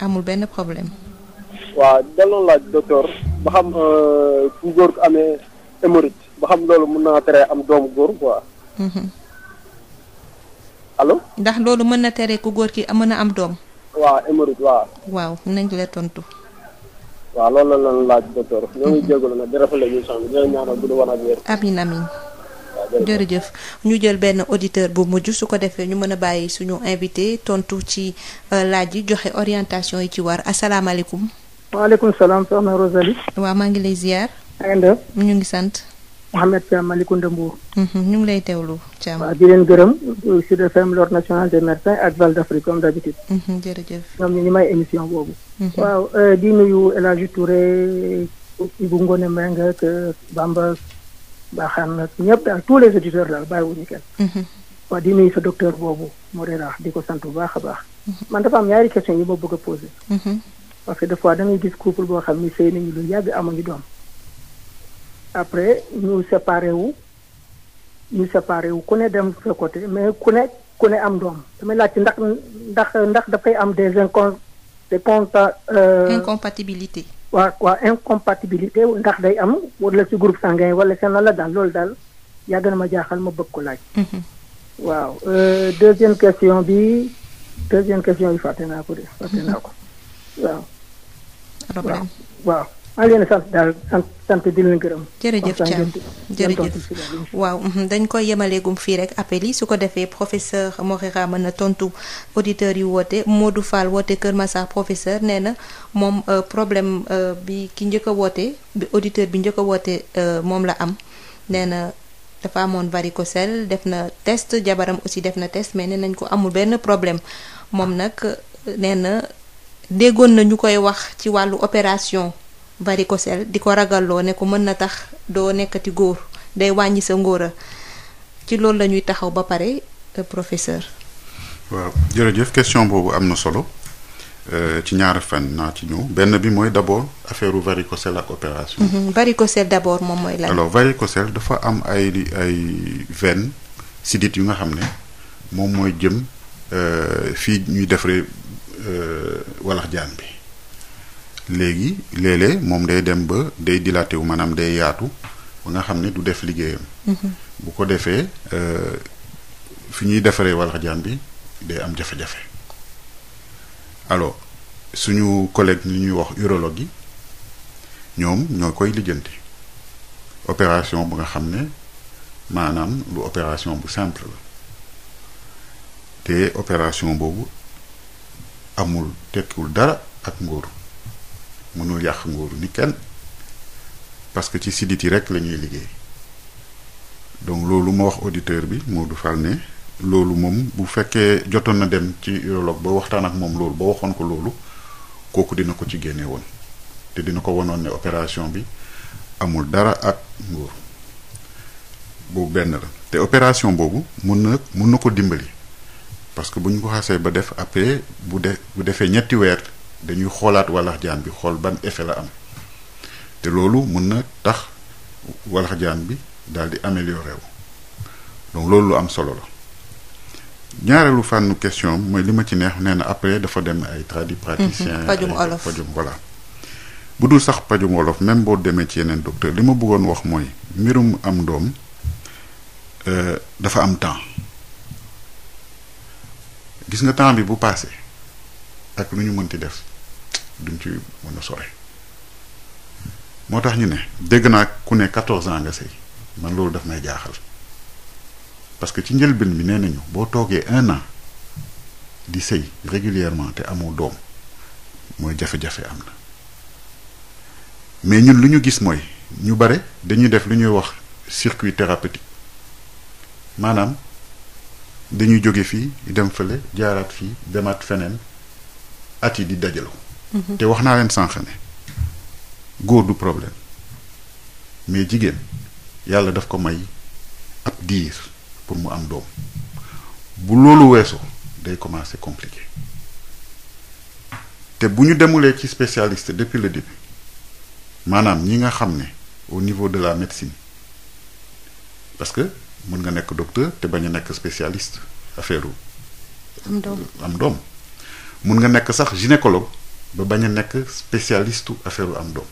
amul benn problème. waaw daloon laaj docteur ba xam bu euh, góor ko amee hémorroïde ba xam loolu mën naa tere am doomu góor quoi. Mhm. allo. ndax loolu mën na tere ku góor ki mën a am doom. waaw hémorroïde waaw. waaw nañ la tontu. waaw loolu la ñu laaj docteur. ñoo ngi mhm. jégalu nag di rafetlu émission bi dina ñaanal bu du war a wér. amiin amiin. jërëjëf ñu jël benn auditeur bu mujj su ko defee ñu mën a bàyyi suñu invité tontu ci euh, laaj yi joxe orientation yi ci war asalaamaaleykum. waaleykum salaam soxna Rosalie. waaw maa ngi lay ziar. na ñu ngi sant. Mouhamed Thiam Malicounda Mbour. Mhm, ñu ngi lay teewlu Thiam. waaw di leen gërëm euh, Sud FM l'ordre national des médecins ak Val d'Afrique comme d'habitude. Mhm, jërëjëf. ñoom ñu may émission boobu. Mhm. waaw euh, di nuyu la Hadj Touré Ibou Ngone Mbengue ak euh, Bamba ñëpp daal tous les auditeurs daal bàyyiwuñu kenn. waaw di nuyu sa docteur boobu Moreira di ko sant bu baax a baax. man dafa am ñaari question yi ma bëgg a poser. parce que des fois da ngay gis couple boo xam ni sëy nañu lu yàgg amuñu doom après ñu séparé wu ñu séparé wu ku ne dem sa côté mais ku ne ku ne am doom damay laajte ndax ndax ndax dafay am des incon des conta. Euh, incompatibilité. waaw waaw incompatibilité ndax day am wala ci groupe sanguin wala seen la daal loolu daal yàgg na ma jaaxal ma bëgg ko laaj. Mm-hmm. waaw euh, deuxième question bi deuxième question yu fàtte naa ko de fàtte naa ko mm-hmm. waaw. waaw waaw maa ngi leen sant gërëm. jërëjëf Thiam waaw mhm, dañ koy yemaleegum fii rek appel yi su ko defee professeur Moreira mën na tontu auditeurs yi woote Modou Fall woote Kër Massar professeur nee na moom euh, problème euh, bi ki njëkk a woote bi auditeur bi njëkk a woote euh, moom la am nee na dafa amoon varicocèle def na test jabaram aussi def na test mais nee nañ ko amul benn problème moom nag nee na. déggoon na ñu koy wax ci wàllu opération sel di ko ragaloo ne ko mën na tax doo nekkati góor day wàññi sa ngóora ci loolu lañuy taxaw ba pare euh, professeur. waaw jërëjëf question boobu am na solo euh, ci ñaari fan naa ci ñëw benn bi mooy d' bari ko varicocèle ak bari ko d' abord moom mooy aloo lan. ko varicocèle dafa am ay ay veine sidit yu nga xam ne moom mooy jëm euh, fii ñuy defaree. Euh, walax jaan bi léegi léeg moom day dem ba day dilaté wu maanaam day yaatu ba nga xam ne du def liggéeyam. Mhm. bu ko defee euh, fi ñuy defaree walax jaan bi day am jafe-jafe alors suñu collègue ni ñuy wax urologue yi ñoom ñoo koy lijjanti opération bu nga xam ne maanaam lu opération bu simple la te opération boobu. amul tekkiwul dara ak nguur mënul yàq nguur ni kenn parce que ci sidit yi rek la liggéey donc loolu ma wax auditeur bi moo du Fall ne loolu moom bu fekkee jotoon na dem ci urologue ba waxtaan ak moom loolu ba waxoon ko loolu kooku dina ko ci génne woon te dina ko wanoon ne opération bi amul dara ak nguur boobu benn la te opération boobu mun na mun na ko dimbali parce que bu ñu ko xasee ba def après bu de bu defee ñetti weer dañuy xoolaat wallax jaan bi xool ban effet la am te loolu mën na tax walax jaan bi daal di amélioré wu donc loolu lu am solo la ñaareelu fànnu question mooy li ma ci neex nee na après dafa dem ay tradipraticien mhm. pajum olof pajum voilà bu dul sax pajum wolof même boo demee ci yeneen docteur li ma bëggoon wax mooy mbirum am doom euh, dafa am temps gis nga temps bi bu passé ak lu ñu mënti def duñ ci mën a sore moo tax ñu ne dégg naa ku ne 14 ans nga sëy man loolu daf may jaaxal parce que ci njëlbin bi nee nañu boo toogee un an di sëy régulièrement te amoo doom mooy jafe-jafe am na mais ñun lu ñu gis mooy ñu bare dañuy def lu ñuy wax circuit thérapeutique maanaam. dañuy jóge fii dem fële jaaraat fii demaat feneen at yi di dajaloo. Mhm. te wax naa leen sànq ne góor du problème mais jigéen yàlla daf ko may ab diir pour mu am doom bu loolu weesoo day commencer compliqué te bu ñu demulee ci spécialiste depuis le début maanaam ñi nga xam ne au niveau de la médecine parce mën nga nekk docteur te bañ a nekk spécialiste affaire am doom am doom mën nga nekk sax gynécologue ba bañ a nekk spécialiste affaire am doom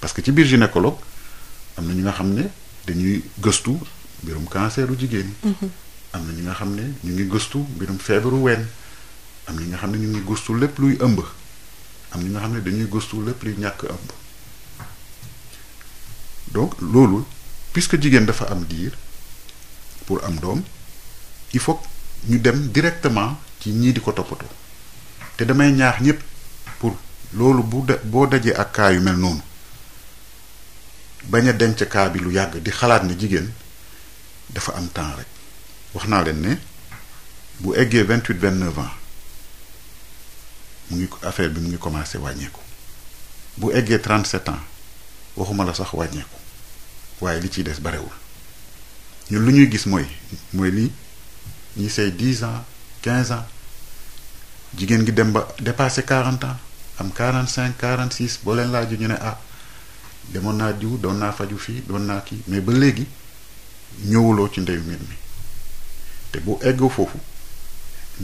parce que ci biir gynécologue am na ñi nga xam ne dañuy gëstu mbirum cancer u jigéen mhm. am na ñi nga xam ne ñu ngi gëstu mbirum feebaru ween am na ñi nga xam ne ñu ngi gëstu lépp luy ëmb am ñi nga xam ne dañuy gëstu lépp luy ñàkk ëmb donc loolu puisque jigéen dafa am diir pour am doom il faut ñu dem directement ci ñii di ko toppatoo te damay ñaax ñëpp pour loolu boo dajee ak kaa yu mel noonu bañ a denc kaa bi lu yàgg di xalaat ne jigéen dafa am temps rek wax naa leen ne bu eggee vingt huit vingt neuf ans mu ngi affaire bi mu ngi commencé wàññeeku bu eggee trente sept ans waxuma la sax wàññeeku waaye li ciy des barewul. ñun lu ñuy gis mooy mooy lii ñi say dix ans quinze ans jigéen gi dem ba dépassé quarante ans am quarante cinq quarante six boo leen laaju ñu ne ah demoon naa diw doon naa faju fii doon naa kii mais ba léegi ñëwuloo ci ndeyu mbir mi te bu eggoo foofu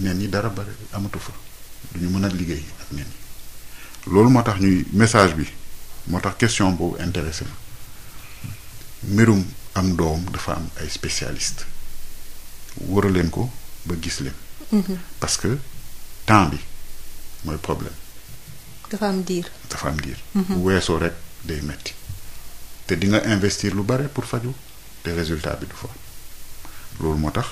neen ñi dara bare amatu fa ñu mën a liggéey ak neen ñi loolu moo tax ñuy message bi moo tax question boobu intéressé na mbirum am doom dafa am ay spécialiste wara ko ba gis leen. Mhm. parce que temps bi mooy problème. dafa am diir mhm. bu weesoo rek day metti te di investir lu bare pour faju te résultat bi du fa loolu moo tax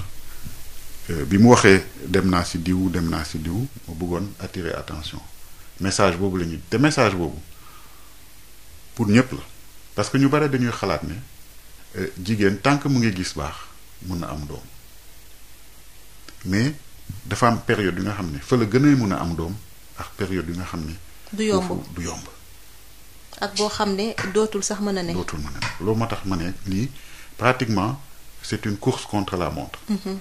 euh, bi mu waxee dem naa si diw dem naa si diw ma bëggoon attirer attention message boobu la ñu te message boobu pour ñëpp la parce que ñu bare dañuy xalaat ne. jigéen tant que mu ngi gis baax mun na am doom mais dafa am période yu nga xam ne fa la gën a mun a am doom ak période yu nga xam ne. du yomb du yomb. ak boo xam ne dootul sax man a ne. dootul ma a ne loolu moo tax ma ne lii pratiquement c'est une course contre la montre. Mm-hmm.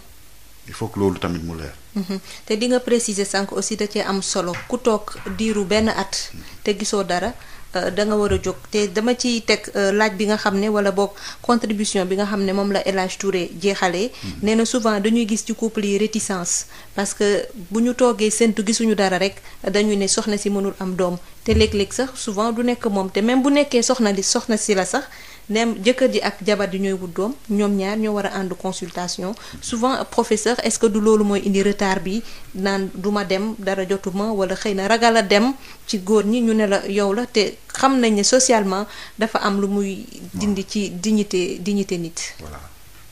il faut que loolu tamit mu leer. Mm-hmm. te di nga préciser sànq aussi da am solo ku toog diiru benn at te gisoo dara. Euh, da nga war a jóg te dama ciy teg euh, laaj bi nga xam ne wala boog contribution bi nga xam ne moom la El Hadj jeexalee. Mhm. nee na souvent dañuy gis ci couple yi rétisance parce que bu ñu toogee séntu gisuñu dara rek dañuy ne soxna si mënul am doom te léeg-léeg sax souvent du nekk moom te même bu nekkee soxna li soxna si la sax. nem jëkkër ji ak jabar di ñooy wut doom ñoom ñaar ñoo war a ànd consultation souvent professeur est-ce que du loolu mooy indi retard bi naan duma dem dara jotuma wala xëy na ragal a dem ci góor ñi ñu ne la yow la te xam nañ ne socialement dafa am lu muy dindi ci dignité dignité nit voilà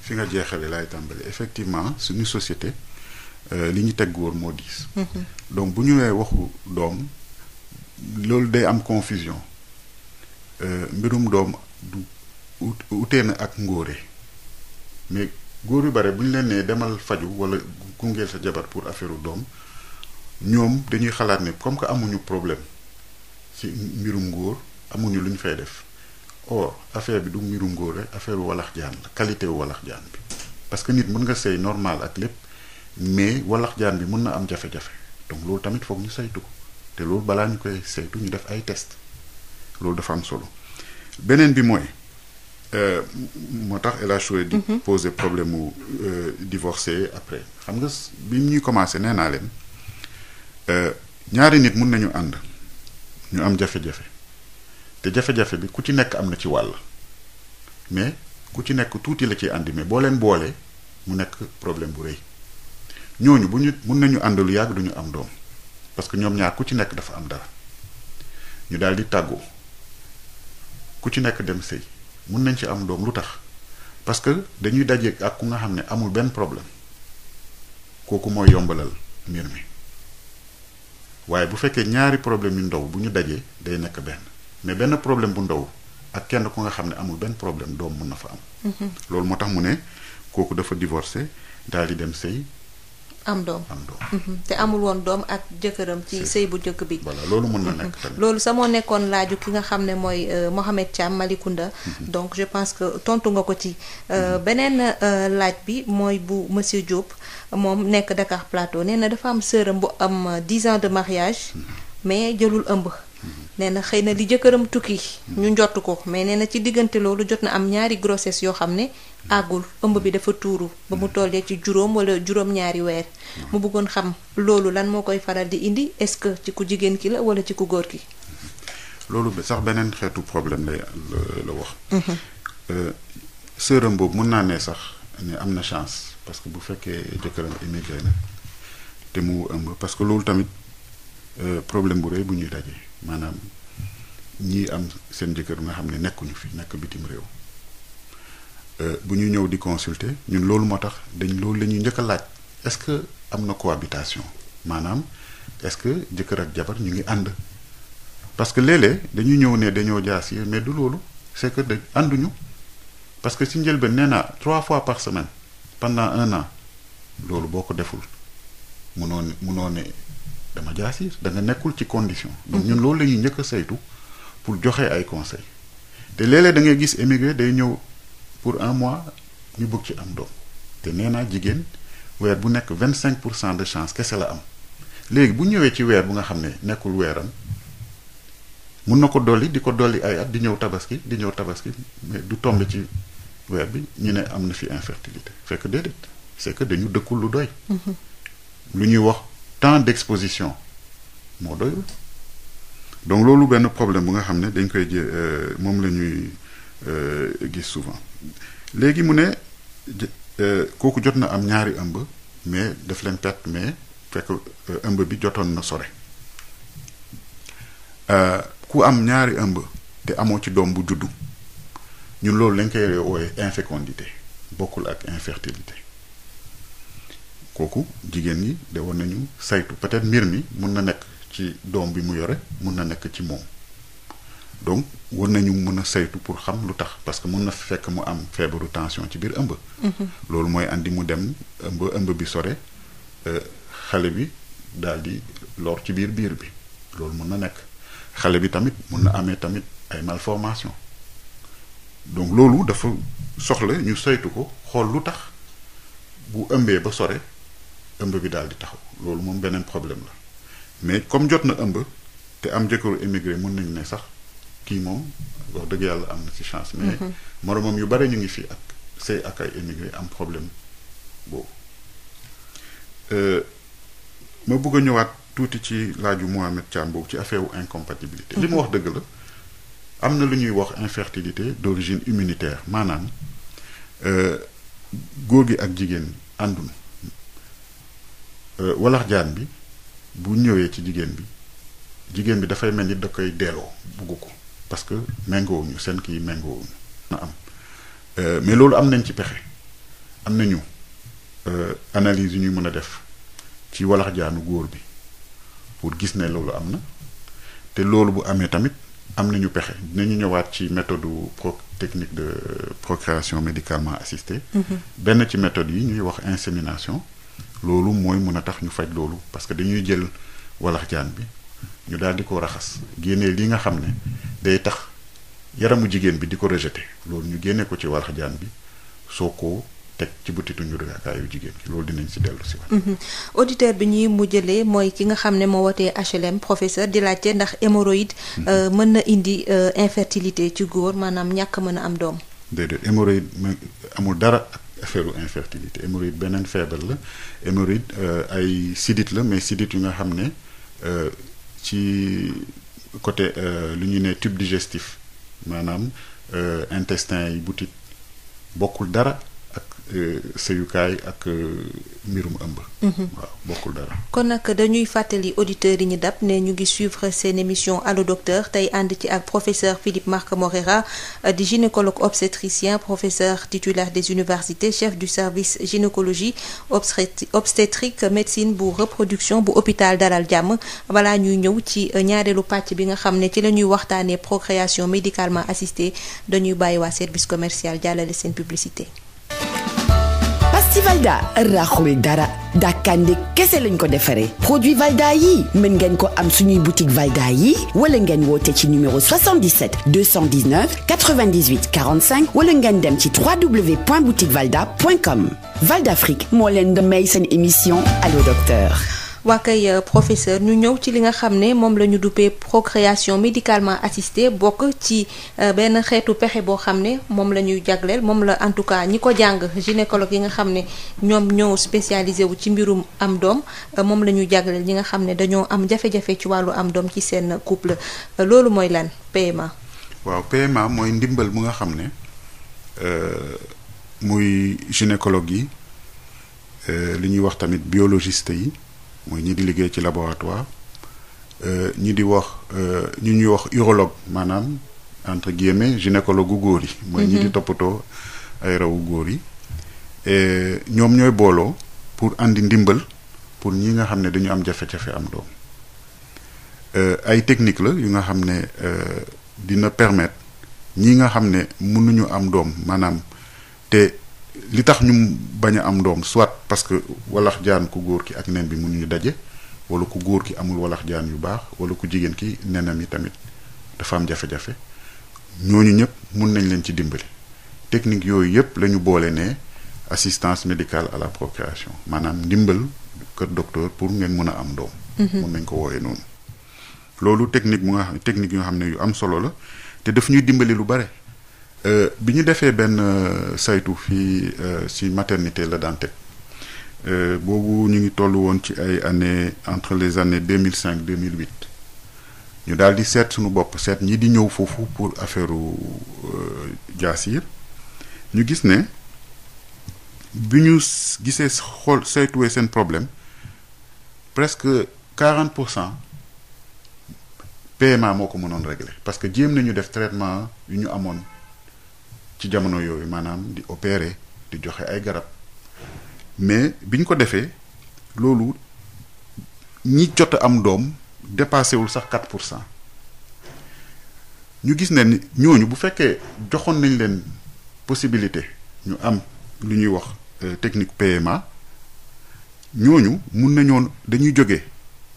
fi nga jeexale laay tàmbali effectivement suñu société euh, li ñu teg góor moo diis mhm. donc bu ñu nee waxu doom loolu day am confusion euh, mbirum doom utee na ak ngóore mais góor yu bare bu ñu leen nee demal faju wala gungeel sa jabar pour affaire doom ñoom dañuy xalaat ni comme que amuñu problème ci mbirum ngóor amuñu lu ñu fay def or affaire bi du mbirum ngóor rek affaire walax jaan la qualité wu jaan bi parce que nit mun nga sëy normal ak lépp mais walax jaan bi mën na am jafe-jafe donc loolu tamit foog ñu saytu ko te loolu balaa ñu koy saytu ñu def ay test loolu dafa am solo beneen bi mooy Euh, moo tax El Hadj di mhm. poser problème mu euh, divorcé après xam nga bi ñuy commencé nee naa leen euh, ñaari nit mun nañu ànd ñu am jafe-jafe te jafe-jafe bi ku ci nekk am na ci wàll mais ku ci nekk tuuti la ciy àndi mais boo leen boolee mu nekk problème bu rëy ñooñu bu ñu mun nañu ànd lu yàgg duñu am doom parce que ñoom ñaar ku ci nekk dafa am dara ñu daal di tàggoo ku ci nekk dem sëy mun nañ ci am doom lu tax parce que dañuy daje ak ku nga xam ne amul benn problème kooku mooy yombalal mbir mi waaye bu fekkee ñaari problème yu ndaw bu ñu dajee day nekk benn mais benn problème bu ndaw ak kenn ku nga xam ne amul benn problème doom mun na fa am. Mhm. loolu moo tax mu ne kooku dafa divorcé daal di dem sëy am doom mhm. te amul woon doom ak jëkkëram ci sëy bu njëkk bi voilà loolu mën na nekk mhm. tamit loolu sa nekkoon laaju ki nga xam ne mooy euh, Mohamed Thiam Malicounda mhm. donc je pense que tontu nga ko ci euh, beneen euh, laaj bi mooy bu monsieur Diop moom nekk Dakar Plateau nee dafa am sëram bu am 10 ans de mariage mais jëlul ëmb nee na xëy na li jëkkëram tukki ñu njott ko mais nee na ci diggante loolu jot na am ñaari grossesse yoo xam ne àggul ëmb bi dafa tuuru ba mu tollee ci juróom wala juróom-ñaari weer mu bëggoon xam loolu lan moo koy faral di indi est-ce que ci ku jigéen ki la wala ci ku góor ki loolu sax beneen xeetu problème lay la wax mhm. euh, sëram boobu mën naa ne sax ne am na chance parce que bu fekkee jëkkëram émigré na te mu ëmb parce que loolu tamit euh, problème bu rëy bu ñuy maanaam ñii am seen jëkkër nga xam ne nekkuñu fi nekk bitim réew euh, bu ñu ñëw di consulter ñun loolu moo tax dañ loolu la njëkk a laaj est-ce que am na cohabitation maanaam est-ce que jëkkër ak jabar ñu ngi ànd parce que léeg-léeg dañuy ñëw ne dañoo jaar si mais du loolu c'est que da ànduñu parce que si njëlbeen nee naa trois fois par semaine pendant un an loolu boo ko deful munoo munoo ne dama jaasir da nekkul ci condition donc ñun loolu la ñuy njëkk a saytu pour joxe ay conseil te léeg-léeg da ngay gis émigré day ñëw pour un mois ñu bugg ci am doom te nee naa jigéen weer bu nekk vingt cinq pour cent de chance kese la am léegi bu ñëwee ci weer bu nga xam ne nekkul weeram mun na ko dolli di ko dolli ay at di ñëw tabaski di ñëw tabaski mais du tombe ci weer bi ñu ne am na fi infertilité fekk déedéet c'est que dañu dëkkul lu doy mm-hmm. lu ñuy wax temps d'exposition moo doyul donc loolu benn problème bu nga xam ne dañ koy jë euh, moom la ñuy euh, gis souvent léegi mu ne euh, kooku jot na am ñaari ëmb mais daf leen perte mais fekk ëmb bi jotoon na sore ku am ñaari ëmb te amoo ci doom bu juddu ñun loolu lañ koy woowe infécondité bokkul ak infertilité kooku jigéen ñi de woon nañu saytu peut-être mbir mi mun na nekk ci doom bi mu yore mun na nekk ci moom donc war nañu mun a saytu pour xam lu tax parce que mun na fekk mu am feebaru tension ci biir ëmb. Mm-hmm. loolu mooy andi mu dem ëmb ëmb bi sore euh, xale bi daal di lor ci biir biir bi loolu mun na nekk xale bi tamit mun na amee tamit ay malformation donc loolu dafa soxla ñu saytu ko xool lu tax bu ëmbee ba sore. ëmb bi daal di taxaw loolu moom beneen problème la mais comme jot na ëmb te am jëkkëru émigré mën nañu ne sax kii moom wax dëgg yàlla am na ci chance. mais mhm. moromam yu bare ñu ngi fii ak sëy ak ay émigré am problème boobu. Euh, ma bëgg ñëwaat tuuti ci laaju Mohamed Thiam boobu ci affaire wu incompatibilité. li mu mhm. wax dëgg la am na lu ñuy wax infertilité d'origine immunitaire maanaan euh, góor gi ak jigéen àndunu Euh, walax jaan bi bu ñëwee ci jigéen bi jigéen bi dafay mel ni da koy delloo bugg ko parce que ñu seen kii méngoowuñu na am euh, mais loolu am nañ ci pexe am nañu euh, analyse yu ñuy mën a def ci walax jaanu góor bi pour gis ne loolu am na te loolu bu amee tamit am nañu pexe dinañu ñëwaat ci méthode pro technique de procréation médicalement assistée mm-hmm. benn ci méthode yi ñuy wax insémination loolu mooy mën a tax ñu faj loolu parce que dañuy jël walax jaan bi ñu daal di ko raxas génnee li nga xam ne day tax yaramu jigéen bi di ko rejeté loolu ñu génne ko ci walax jaan bi soo ko teg ci butitu njurukaakaayu jigéen ki loolu dinañ si dellu si waat. Mhm. auditeur bi ñuy mu jëlee mooy ki nga xam ne moo wootee HLM professeur di laajte ndax hémorroïde mhm. euh, mën na indi euh, infertilité ci góor maanaam ñàkk mën a am doom. déedéet hémorroïde amul dara affaire infertilité hémorroïde beneen feebar la hémorroïde euh, ay sidit la mais sidit yu nga xam ne euh, ci côté euh, lu ñu ne tube digestif maanaam intestin yi butit bokkul dara Euh, sëyukaay euh, mhm. kon nag dañuy fàttali auditeurs yi ñu dab ne ñu ngi suivre seen émission allo docteur tey ànd ci ak professeur Philippe Marc Moreira euh, di gynécologue obstétricien professeur titulaire des universités chef du service gynécologie obstétrique médecine bu reproduction bu hôpital Dalal Jàmm balaa ñuy ñëw ci ñaareelu pàcc bi nga xam ne ci la ñuy waxtaanee procréation médicalement assistée dañuy bàyyi waa service commercial jàllale seen publicité. festival da raxul dara dàkkande kese lañ ko defaree produit Valda yi mën ngeen ko am suñuy boutique Valda yi wala ngeen woote ci numéro 77 219 98 45 wala ngeen dem ci www.boutiquevalda.com Valda Afrique moo leen di may seen émission Allo Docteur waa kay euh, professeur ñu ñëw ci li nga xam ne moom la ñu duppee procréation médicalement assistée bokk ci euh, benn xeetu pexe boo xam ne moom la ñuy jagleel moom la en tout cas ñi ko jàng gynécologue yi nga xam ne ñoom ñoo spécialisé wu ci mbirum am doom euh, moom la ñuy jagleel ñi nga xam ne dañoo am jafe-jafe ci wàllu am doom ci seen couple loolu mooy lan PMA. waaw PMA mooy ndimbal mu nga xam ne muy gynécologue yi li ñuy wax tamit biologiste yi. mooy ñi di liggéey ci laboratoire euh, ñi di wax euh, ñu ñuy wax urologue maanaam entre guillemets gynécologue gu góor yi. mooy ñi di mm-hmm. toppatoo ay rawu góor yi. ñoom ñooy booloo pour indi ndimbal pour ñi nga xam ne dañu am jafe-jafe am doom euh, ay technique la yu nga xam ne dina permettre ñi nga xam ne mënuñu am doom maanaam te. li tax ñu bañ a am doom soit parce que walax jaan ku góor ki ak nen bi mënuñu daje wala ku góor ki amul walax jaan yu baax wala ku jigéen ki nenam yi tamit dafa am jafe-jafe ñooñu ñëpp mun nañ leen ci dimbali technique yooyu yëpp la ñu boole ne assistance médicale à la procréation maanaam ndimbal kër docteur pour ngeen mën a am doom. Mhm. mun nañ ko wooyee noonu. loolu technique mu nga technique yoo xam ne yu am solo la te daf ñuy dimbali lu bare. Euh, bi ñu defee benn euh, saytu fii euh, ci maternité la Dantec boobu ñu ngi toll woon ci ay années entre les années mille cinq deux mille huit ñu daal di seet suñu bopp seet ñi di ñëw foofu pour affaire jaasir ñu gis ne bi ñu gisee xool saytuwee seen problème presque quarante pour cent PMA moo ko mënoon régler parce que jéem nañu def traitement yu ñu amoon. ci jamono yooyu maanaam di opérer di joxe ay garab mais biñ ko defee loolu ñi jot a am doom dépassé wul sax 4 pour cent ñu gis ne ni ñooñu bu fekkee joxoon nañ leen possibilité ñu am lu ñuy wax euh, technique PMA ñooñu mun nañoon dañuy jóge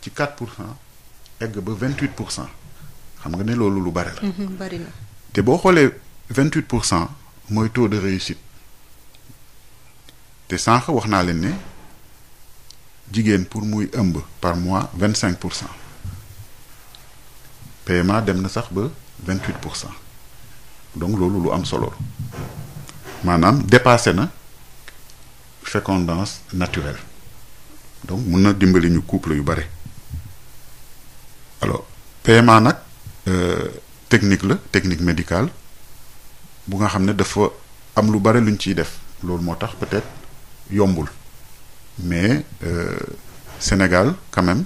ci 4 pour cent egg ba vingt 28 pour cent xam nga ne loolu lu mhm, bari la. te boo xoolee. vingt huit pour cent mooy taux de réussite te sànq wax naa leen ne jigéen pour muy ëmb par mois vingt cinq pour cent paiement dem na sax ba vingt huit pour cent donc loolu lu am solo maanaam dépassé na fécondance naturel donc mun na dimbali ñu couple yu bare alors paiement nag euh, technique la technique médical bu nga xam ne dafa am lu bare ñu ciy def loolu moo tax peut-être yombul mais euh, Sénégal quand même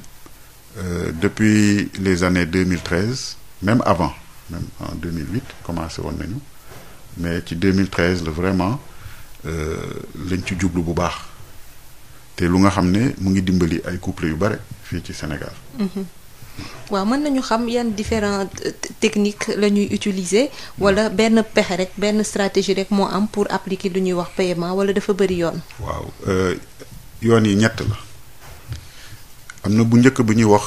euh, depuis les années mille 2013 même avant même en mille 2008 commencé woon nañu mais ci deux mille 2013 la vraiment euh, lañ ci jublu bu baax te lu nga xam ne mu ngi dimbali ay couple yu bare fii ci Sénégal. Mm-hmm. waaw mën nañu xam yan différentes euh, techniques la ñuy utiliser wala benn pexe rek benn stratégie rek moo am pour appliquer lu ñuy wax paiement wala dafa bëri yoon. waaw euh, yoon yi ñett la am na bu njëkk bu ñuy wax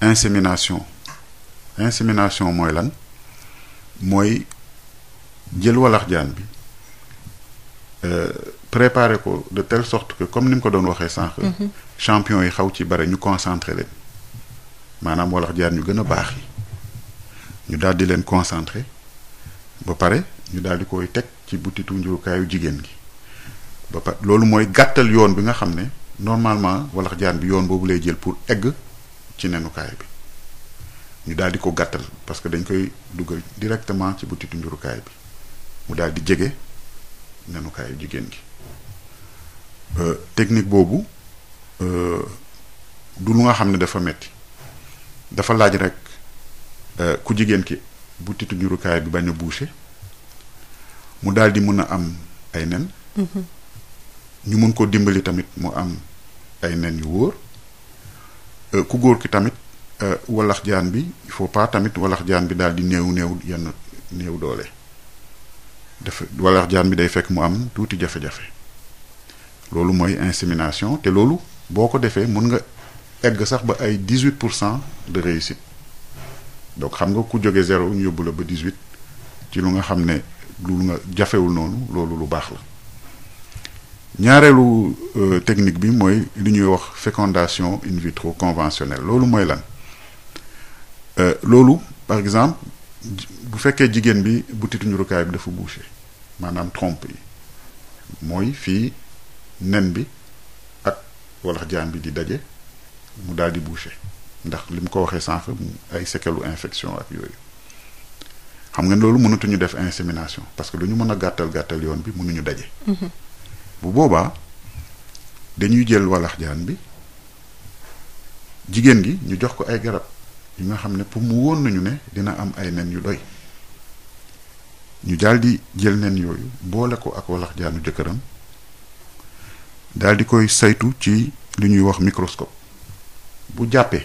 insémination insémination mooy lan mooy jël walax jaan bi euh, préparer ko de telle sorte que comme ni mu ko doon waxee sànq. Mm-hmm. champion yi xaw ci bare ñu concentrer leen. maanaam walax jaar ñu gën a baax yi ñu daal di leen concentré ba pare ñu daal di koy teg ci butitu njurukaayu jigéen gi ba pare loolu mooy gàttal yoon bi nga xam ne normalement walax jaan bi yoon boobu lay jël pour egg ci nenukaay bi ñu daal di ko gàttal parce que dañ koy dugal directement ci butitu njurukaay bi mu daal di jege nenukaayu jigéen gi euh, technique boobu euh, du lu nga xam ne dafa metti dafa laaj rek euh, ku jigéen ki butitu njurukaay bi bañ a bouché mu dal di mun a am ay nen. Mm-hmm. ñu mun koo dimbali tamit mu am ay nen yu wóor euh, ku góor ki tamit euh, walax jaan bi il faut pas tamit walax jaan bi daal di néew néew yenn néew doole daf walax jaan bi day fekk mu am tuuti jafe-jafe loolu mooy insémination te loolu boo ko defee mun nga. egg sax ba ay dix huit pour cent de réussite donc xam nga ku jóge zéro ñu yóbbu la ba dix huit ci lu nga xam ne lu nga jafewul noonu loolu lu baax la ñaareelu euh, technique bi mooy li ñuy wax fécondation in vitro conventionnelle loolu mooy lan euh, loolu par exemple bu fekkee jigéen bi butitu njurukaay bi dafa bouché maanaam tromp yi mooy fii nen bi ak walax jaan bi di daje mu daal di bouché ndax li mu ko waxee sànq ay séquelles infection ak yooyu xam nga loolu mënatuñu def insémination parce que lu ñu mën a gàttal gàttal yoon bi mënuñu daje. Mm-hmm. bu boobaa dañuy jël walax jaan bi jigéen gi ñu jox ko ay garab yi nga xam ne pour mu woon nañu ne dina am ay nen yu doy ñu daldi jël nen yooyu boole ko ak walax jaanu jëkkëram daal koy saytu ci li ñuy wax microscope. bu jàppee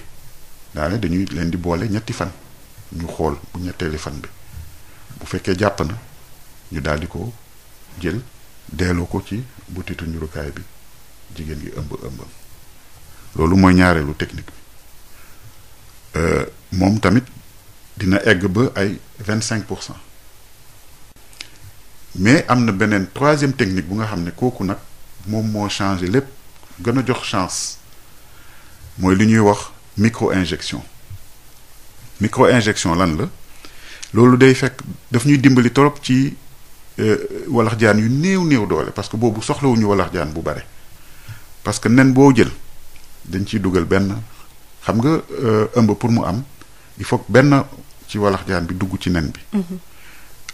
daane dañuy leen di boole ñetti fan ñu xool bu ñetteeli fan bi bu fekkee jàpp na ñu daal di ko jël deeloo ko ci butitu njurukaay bi jigéen gi ëmb ëmbam loolu mooy ñaareelu technique bi euh, moom tamit dina egg ba ay vingt cinq pour cent mais am na beneen troisième technique bu nga xam ne kooku nag moom moo changé lépp gën a jox chance mooy li ñuy wax micro injection micro injection lan la loolu day fekk daf ñuy dimbali trop ci euh, walax jaan yu néew néew doole parce que boobu soxlawuñu walax jaan bu bare parce que nen boo jël dañ ciy dugal benn xam nga euh, ëmb pour mu am il faut benn ci walax jaan bi dugg ci nen bi mm-hmm.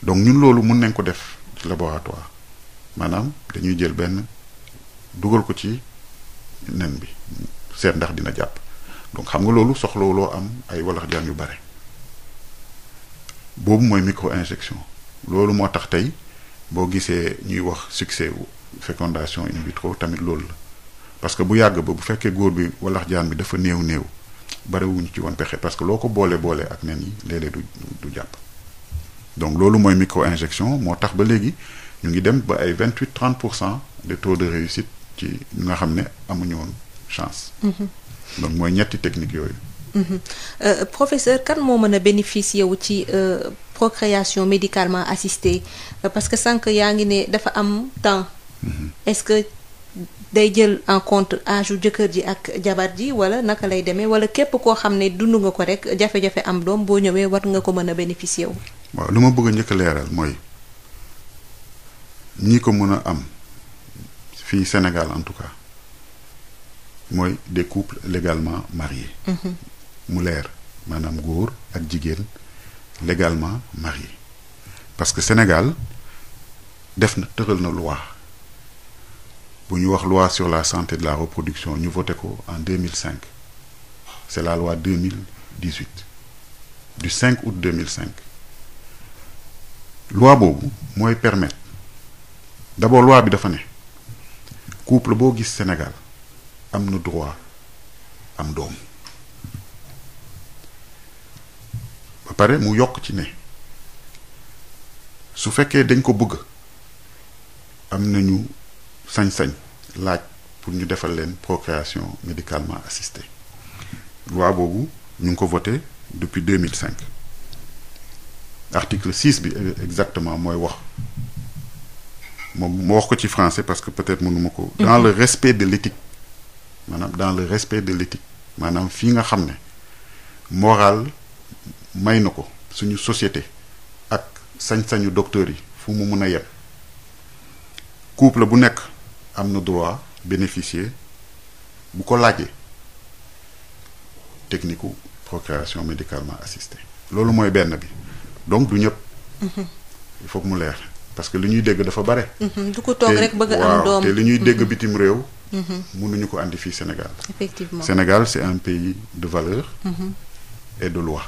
donc ñun loolu mun nañ ko def ci laboratoire maanaam dañuy jël benn dugal ko ci nen bi seet ndax dina jàpp donc xam nga loolu loo am ay walax jaan yu bare boobu mooy micro injection loolu moo tax tey boo gisee ñuy wax succès wu fécondation in vitro tamit loolu la parce que bu yàgg ba bu fekkee góor bi walax jaan bi dafa néew néew barewuñu ci woon pexe parce que loo ko boole boole ak nen yi léeg du du jàpp donc loolu mooy micro injection moo tax ba léegi ñu ngi dem ba ay vingt huit trente pour cent de taux de réussite ci nga xam ne amuñu woon chance. Mhm. donc mooy ñetti technique yooyu. Mhm. Euh, professeur kan moo mën a bénéficier wu ci euh, procréation médicalement assistée euh, parce que sànq yaa ngi ne dafa am temps. Mhm. est-ce que day jël en compte âge jëkkër ji ak jabar ji wala naka lay demee wala képp koo xam ne dund nga ko rek jafe-jafe am doom boo ñëwee war nga ko mën a bénéficier wu. waaw lu ma bëgg a njëkk a leeral mooy ñi ko mën a am fii Sénégal en tout cas. mooy des couples légalement mariés. Mm-hmm. mu leer maanaam góor ak jigéen légalement mariés parce que Sénégal def na tëral na loi bu ñu wax loi sur la santé de la reproduction ñu voté ko en 2005 c'est la loi 2018 du 5 août 2005 loi boobu mooy permettre d'abord loi bi dafa ne couple boo gis Sénégal. am na droit am doom ba pare mu yokk ci ne su fekkee dañ ko bëgg am nañu sañ-sañ laaj pour ñu defal leen procréation médicalement assistée loi boobu ñu ngi ko voté depuis 2005 article 6 bi exactement mooy wax moom moo wax ko ci français parce que peut-être mënuma ko dans mhm. le respect de l'éthique maanaam dans le respect de l'éthique maanaam fii nga xam ne moral may na ko suñu société ak sañ-sañu docteur yi fu mu mun a yem couple bu nekk am na droit bénéficier bu ko laajee technique u procréation médicalement assistée loolu mooy benn bi donc du ñëpp mhm. il faut mu leer parce que li ñuy dégg dafa bare mhm. du ko toog rek bëgg am doom li ñuy dégg mhm. bitim réew Mm-hmm. mënuñu ko andi fii Sénégal. effectivement Sénégal c' est un pays de valeur. Mm-hmm. et de loi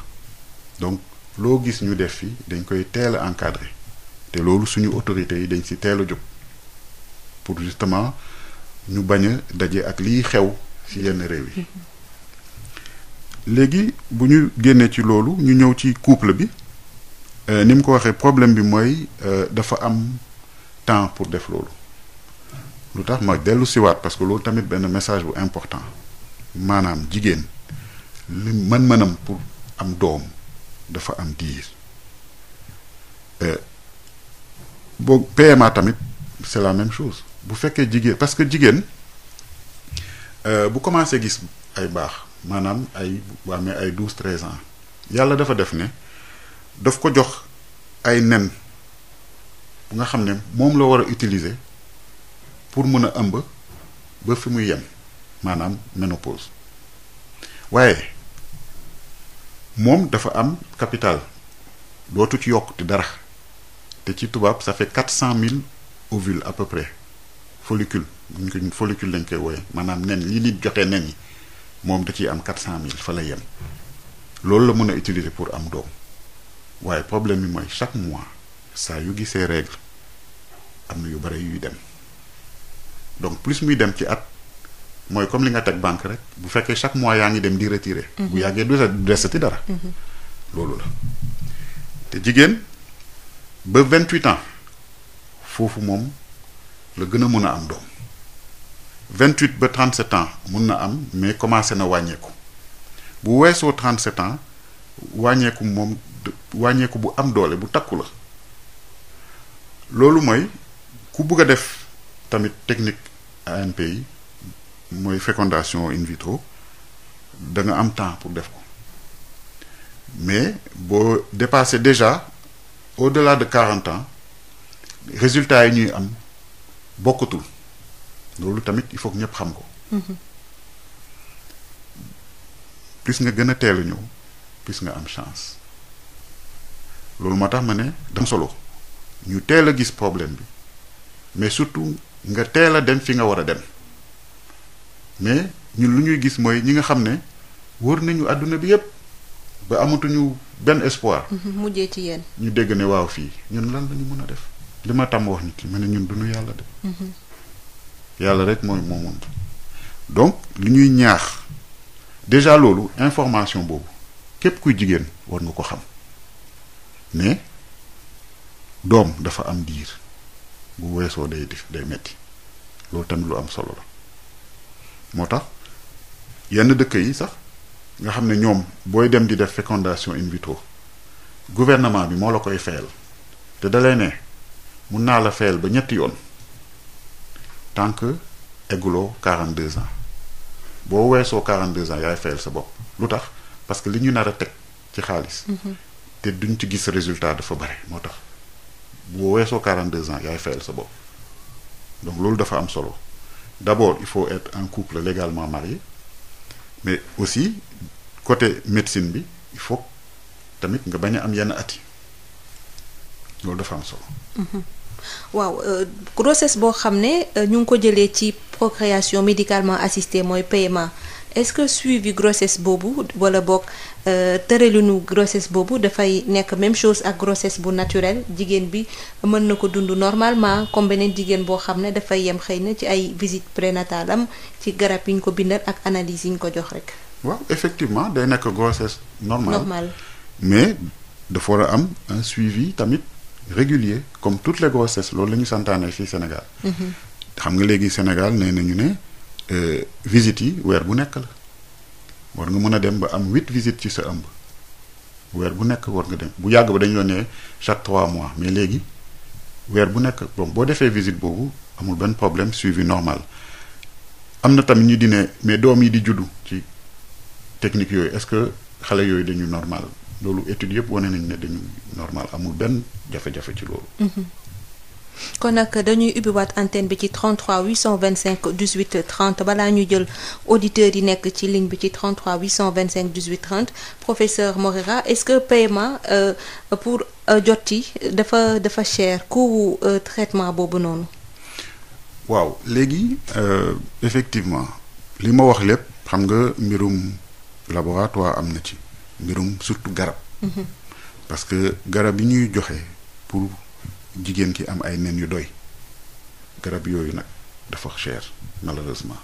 donc loo gis ñu def fii dañ koy teel a encadrer te loolu suñu autorités yi dañ si teel a jóg pour justement ñu bañ daje ak liy xew ci yenn réew yi. Mm-hmm. léegi bu ñu génnee ci loolu ñu ñëw ci couple bi euh, ni mu ko waxee problème bi mooy euh, dafa am temps pour def loolu. lu tax ma dellu siwaat parce que loolu tamit benn message bu important maanaam jigéen li mën-mënam pour am doom dafa am diir euh, boo PMA tamit c'est la même chose bu fekkee jigéen parce que jigéen euh, bu commencé gis ay baax maanaam ay bu amee ay douze treize ans yàlla dafa def ne daf ko jox ay nen bu nga xam ne moom la war a utiliser pour mën a ëmb ba fi muy yem maanaam ménopause waaye moom dafa am capital dootu ci yokk te dara te ci tubaab ça fait quatre cent mille ovules à peu folicule mu ñu ko follicule lañ koy wooye maanaam nen li nit jotee nen yi moom da ciy am quatre cent mille fa la yem loolu la mën a utiliser pour am doom waaye problème bi mooy chaque mois saa yu gisee règle am na yu bare yuy dem donc plus muy dem ci at mooy comme li nga teg banque rek bu fekkee chaque mois yaa ngi dem di retirer. Mhm. bu yàggee du desati dara. Mhm. loolu la te jigéen ba vingt huit ans foofu moom la gën a mun a am doom vingt huit ba trente sept ans mun na am mais commencé na wàññeeku bu weesoo trente sept ans wàññeeku moom wàññeeku bu am doole bu takku la loolu mooy ku bugg a def. tamit technique ANP yi mooy fécondation in vitro da nga am temps pour def ko mais boo dépassé déjà au-delà de quarante ans résultats yi ñuy am bokkatul loolu tamit il faut que ñëpp xam ko. Mhm. plus nga gën a teel ñëw plus nga am chance loolu moo tax ma ne dama solo ñu teel a gis problème bi mais surtout. nga teel a dem fi nga war a dem mais ñun lu ñuy gis mooy ñi nga xam ne wër nañu àdduna bi yépp ba amatuñu benn espoir. Mhm, mujjee ci ñu dégg ne waaw fii ñun lan la ñu mën a def. li ma tàmm wax nit ki ma ne ñun duñu yàlla de. Mhm. yàlla rek mooy moo mën donc li ñuy ñaax déjà loolu information boobu képp kuy jigéen war nga ko xam mais doom dafa am diir. bu weesoo day dif day metti loolu tamit lu am solo la moo tax yenn dëkk yi sax nga xam ne ñoom booy dem di def fécondation in vitro gouvernement bi moo la koy fayal te dalay ne mun naa la fayal ba ñetti yoon tant que egguloo 42 ans boo weesoo 42 ans yaay fayal sa bopp lu tax parce que li ñu nar a teg ci xaalis. Mm-hmm. te duñ ci gis résultat dafa bare moo tax. bu weesoo 42 ans yaay fayal sa bopp donc loolu dafa am solo d'abord il faut être en couple légalement marié mais aussi côté médecine bi il faut tamit nga bañ am yenn at yi loolu dafa am solo. Mhm. waaw euh, grossesse boo xam ne euh, ñu ngi ko jëlee ci procréation médicalement assistée mooy PMA. est-ce que suivi grossesse boobu wala boog euh, tëralinu grossesse boobu dafay nekk même chose ak grossesse bu naturelle jigéen bi mën na ko dund normalement comme beneen jigéen boo xam ne dafay yem xëy na ci ay visite prénatale am ci garab yi ñu ko bindal ak analyse yi ñu ko jox rek. waaw effectivement day nekk grossesse normale normal mais dafa war a am un suivi tamit régulier comme toutes le grossesses loolu la ñu santaane fii Sénégal. Mhm. xam nga léegi Sénégal nee nañu ne. Euh, visites yi weer bu nekk la war nga mën a dem ba am huit visites ci sa ëmb weer bu nekk war nga dem bu yàgg ba dañu doon ne chaque trois mois mais léegi weer bu nekk bon boo defee visite boobu amul benn problème suivi normal am na tamit ñu di mais doom yi di juddu ci technique yooyu est-ce que xale yooyu dañuy normal loolu étude yëpp wane nañ ne dañu normal amul benn jafe-jafe ci loolu. Mm-hmm. kon nag dañuy ubbiwaat antenne bi ci 33 825 18 30 balaa ñu jël auditeurs yi nekk ci ligne bi ci 33 825 18 30 professeur Moreira est-ce que paiement euh, pour euh, jot yi dafa dafa cher coût euh, traitement boobu noonu. waaw léegi euh, effectivement li ma wax lépp xam nga mbirum laboratoire am na ci mbirum surtout garab. Mhm. parce que garab yi ñuy joxe pour. jigéen ki am ay nen yu doy garab yooyu nag dafa cher malheureusement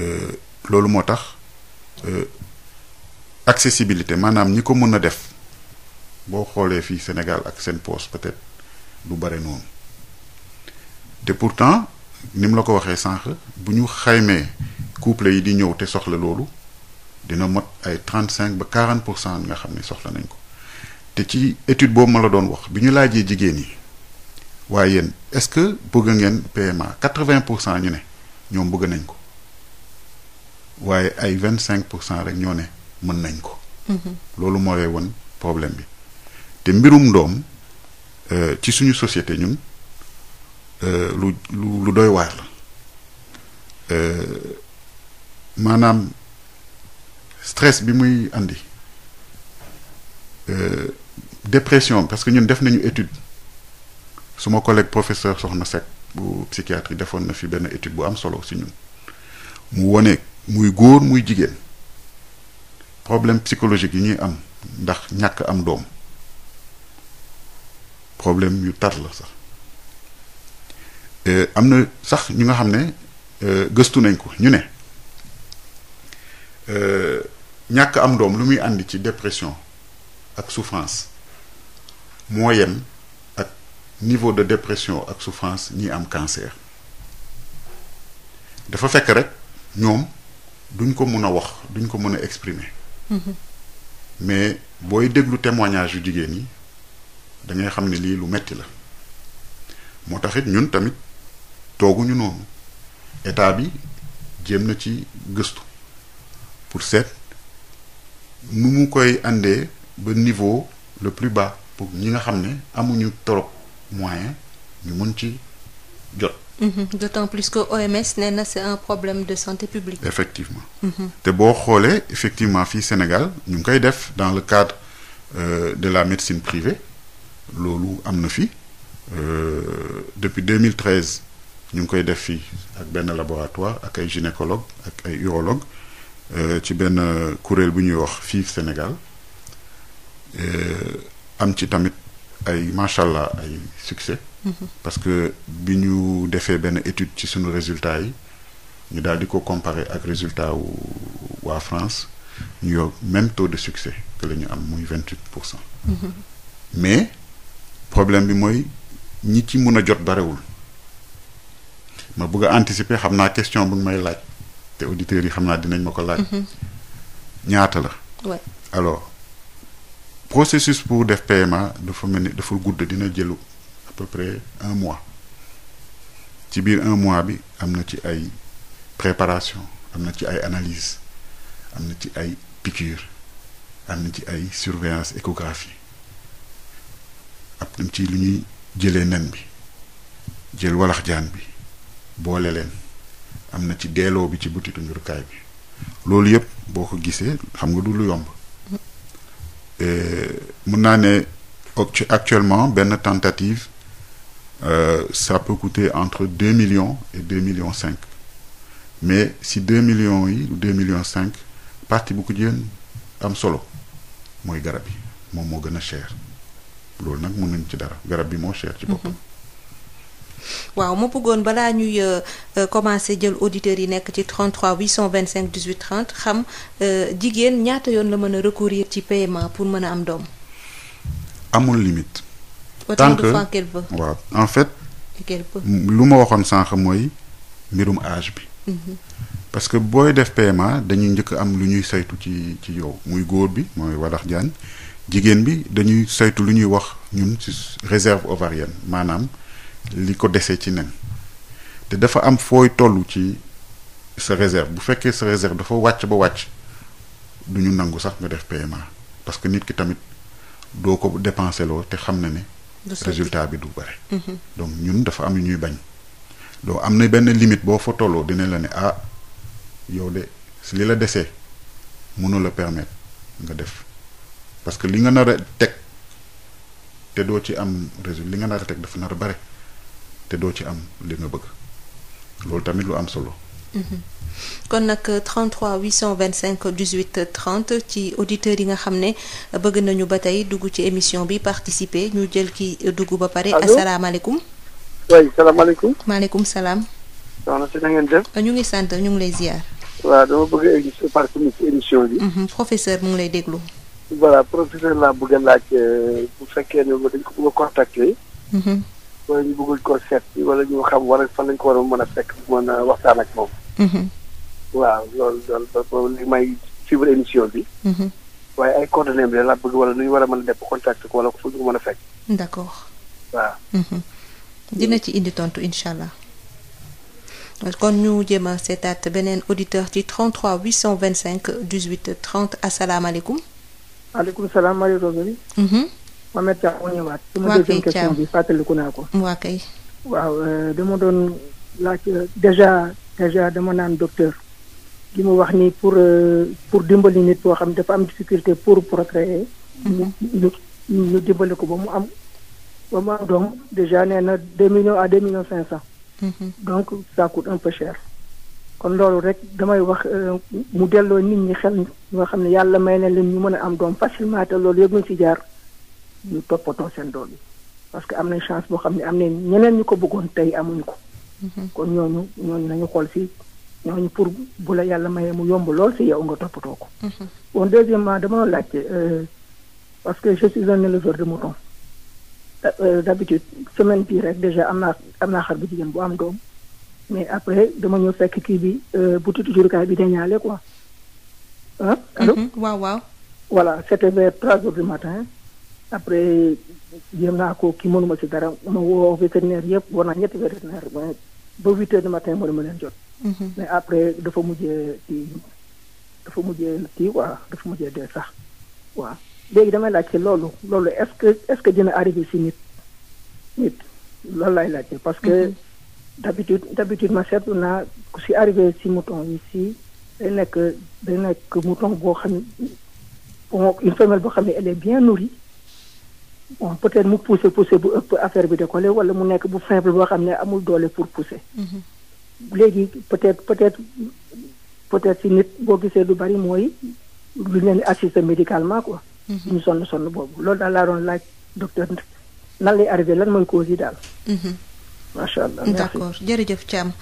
euh, loolu moo tax euh, accessibilité maanaam ñi ko mën a def boo xoolee fii Sénégal ak seen poche peut-être du bare noonu te pourtant ni mu la ko waxee sànq bu ñu xaymee couple yi di ñëw te soxla loolu dina mot ay trente cinq ba quarante pour cent nga xam ni soxla nañ ko. te ci étude boobu ma la doon wax bi ñu laajee jigéen yi waaye yéen est-ce que bëgg ngeen PMA quatre-vingt pour cent ñu ne ñoom bëgg nañ ko waaye ay vingt-cinq pour cent rek ñoo ne mën nañ ko. Mm-hmm. loolu moo lay won problème bi te mbirum doom euh, ci suñu societé ñun euh, lu lu lu doy waar la euh, maanaam stress bi muy indi Euh, dépression parce que ñun def nañu étude suma collègue professeur Soxna Seck bu psychiatrie defoon na fi benn étude bu am solo si ñun mu wone muy góor muy jigéen problème psychologique yi ñuy am ndax ñàkk am doom problème yu tar la sax euh, am na sax ñu nga xam ne euh, gëstu nañ ko ñu ne ñàkk am doom lu muy àndi ci dépression ak souffrance moo yem ak niveau de dépression ak souffrance ñi am cancer dafa fekk rek ñoom duñ ko mun a wax duñ ko mën a exprimer mhm. mais booy déglu témoignage yu jigéen yi da ngay xam ne lii lu metti la moo taxit ñun tamit tooguñu noonu état bi jéem na ci gëstu pour seet nu mu koy àndee ba niveau le plus bas pour ñi nga xam ne amuñu trop moyen ñu mën ci jot. Mhm, d'autant plus que OMS nee na c'est un problème de santé publique. effectivement. Mhm. te boo xoolee effectivement fii Sénégal ñu ngi koy def dans le cadre euh, de la médecine privée loolu am na fi euh, depuis 2013 ñu ngi koy def fii ak benn laboratoire ak ay gynécologue ak ay urologue euh, ci benn euh, kuréel bu ñuy wax fii Sénégal. Euh, am ci tamit ay macha allah ay succès. Mm-hmm. parce que bi ñu defee benn étude ci suñu résultat yi ñu daal di ko comparer ak résultat wu waa France ñu yor même taux de succès que la am muy vingt huit pour cent. Mm-hmm. mais problème bi mooy ñi ci mun a jot barewul ma bëgg a anticiper xam naa question bu may laaj te auditeurs yi xam naa dinañ ma ko laaj. Mm-hmm. ñaata la. alors. processus pour def PMA dafa mel ni dafa gudd dina jëlu à peu près un mois ci biir un mois bi am na ci ay préparation am na ci ay analyse am na ci ay pikiir am na ci ay surveillance échographie am ci lu ñuy jëlee nen bi jël walax jaan bi boole leen am na ci deeloo bi ci butitu njurukaay bi loolu yëpp boo ko gisee xam nga du lu yomb Euh, mun naa ne actuellement benn tentative euh, ça peut entre deux millions et deux millions cinq mais si deux millions yi ou deux millions cinq partie bu ko jën am solo mooy garab yi moom moo gën a cher loolu nag mun nañ ci dara garab bi moo cher ci boppam. Mm-hmm. waaw ma bëggoon balaa ñuy euh, euh, commencé jël auditeurs yi nekk ci 33 825 18 30 xam euh, jigéen ñaata yoon la mën a recourir ci paiement pour mën a am doom. amul limite. tant que waaw en fait. lu ma waxoon sànq mooy mbirum age bi. Mm-hmm. parce que booy def paiement dañuy njëkk am lu ñuy saytu ci ci yow muy góor bi mooy wadax jaan jigéen bi dañuy saytu lu ñuy wax ñun ci réserve ovarienne maanaam. li ko desee ci nen te dafa am fooy tollu ci sa réserve bu fekkee sa réserve dafa wàcc ba wàcc du ñu nangu sax nga def PMA parce que nit ki tamit doo ko dépensé loo te xam na ne résultat bi du bare mhm. donc ñun dafa am yu ñuy bañ donc am na benn limite boo fa tolloo dina la ne ah yow de si li la desee mënu la permettre nga def parce que li nga nar a teg te doo ci am résultat li nga nar teg dafa nar a bare te doo ci am li nga bëgg loolu tamit lu am solo. Mhm. kon nag 33 825 18 30 ci auditeurs yi nga xam ne bëgg nañu ba tey dugg ci émission bi participer ñu jël ki dugg ba pare. allo asalaamaaleykum. waay salaamaaleykum. maaleykum salaam. soxna si euh, ñu ngi sant ñu ngi lay ziar. waaw dama bëgg a egg ci émission bi. Mhm, professeur mu ngi lay déglu. voilà professeur laa bëgg a laaj euh, bu fekkee ne dañ ko bëgg a contacter. Mhm. wala ñu bëgguñ koo seet wala ñu xam wala fan lañ ko war a mën a fekk mën a waxtaan ak moom. Mhm. waaw loolu loolu li may suivre émission bi. Mhm. waaye ay coordonnées bi laa bëgg wala nu ñu war a mën a def contact ko wala fu ñu mën a fekk. d'accord. waaw. Mhm. dina ci indi tontu incha allah. kon ñu jéem a seetaat beneen auditeur ci 33 825 18 30 asalaamaaleykum. maaleykum salaam Marie Rosalie. Mohamed Thiam moo ñëwaat. su ma naa ko. waa kay. waaw euh, dama doon laaj euh, déjà déjà dama naan docteur. ki mu wax nii pour euh, pour dimbali nit boo xam dafa am difficulté pour procréer. Mhm. ñu ñu dimbali ko ba mu am ba mu am doom déjà nee na deux millions à deux millions cinq cent. Mhm. donc ça coûte un peu kon loolu rek damay wax mu delloo nit ñi xel ñoo xam ne yàlla may na leen ñu mën a am doom facilement te loolu yëpp ñu ci jaar. ñu toppatoo seen doom yi parce que am na chance boo xam ne am nañ ñeneen ñu ko bëggoon tey amuñu ko. Mhm. kon ñooñu ñooñu nañu xool si ñooñu pour bu la yàlla mayee mu yomb lool si yow nga toppatoo ko. Mhm. bon deuxièmement dama la laajte euh, parce que je suis un éleveur de mouton. Euh, euh, d'habitude semaine bii rek déjà am naa am naa xar bu jigéen bu am doom mais après dama ñëw fekk kii bi bu tuuti jurukaay bi dañaale quoi. ko allo mhm. waaw waaw. voilà c'était vers trois heures du après jéem naa ko kii mënuma ci dara ma woo vétérinaire yëpp war naa ñetti vétérinaire ba huit heures du matin moo dama leen jot. Mhm. mais après dafa mujjee kii dafa mujjee kii waa dafa mujjee dee sax waaw léegi damay laajte loolu loolu est-ce que est-ce que dina arrivé ci nit nit loolu laay laajte parce que mhm. d'habitude d'habitude ma seetlu naa ku si arrivé ci mouton yi ci day nekk day nekk mouton boo xam ne bon boo xam ne elle bien nourrie. bon peut-être mu pousser pousser bu ëpp affaire bi décollé wala mu nekk bu faible boo xam ne amul doole pour pousser. Mm-hmm. léegi peut-être peut-être peut-être si nit boo gisee lu bari mooy lu leen assister médicalement ko mm-hmm. ñu sonn sonn boobu loolu daal laa doon laaj docteur nan lay arrivé lan mooy cause daal. Mm-hmm. macha allah merci d' jërëjëf Thiam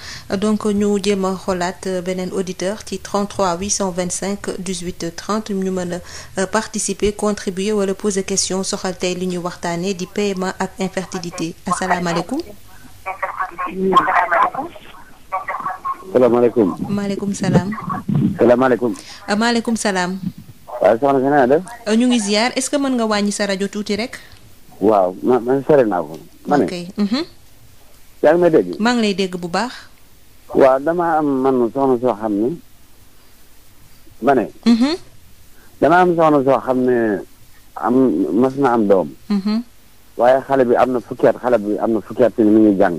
donc ñu jéem a xoolaat euh, beneen auditeur ci vingt 33 825 18 30 ñu mën a euh, participer contribuer wala poser question soxal tey li ñuy waxtaanee di PMA ak infertilité asalaamaaleykum. salaamaaleykum. maaleykum salaam. salaamaaleykum. Ah, maaleykum salaam. waaw soxna si na def. Euh, ñu ngi ziar est ce que mën nga wàññi sa rajo tuuti rek. waaw yaa ngi may dégg. man ngi lay dégg bu baax. waaw damaa am man soxna soo xam ne mane ne. Mm-hmm. damaa am soxna soo xam ne am mas na am doom. Mm-hmm. waaye xale bi am na fukki at xale bi am na fukki at ni mu ngi jàng.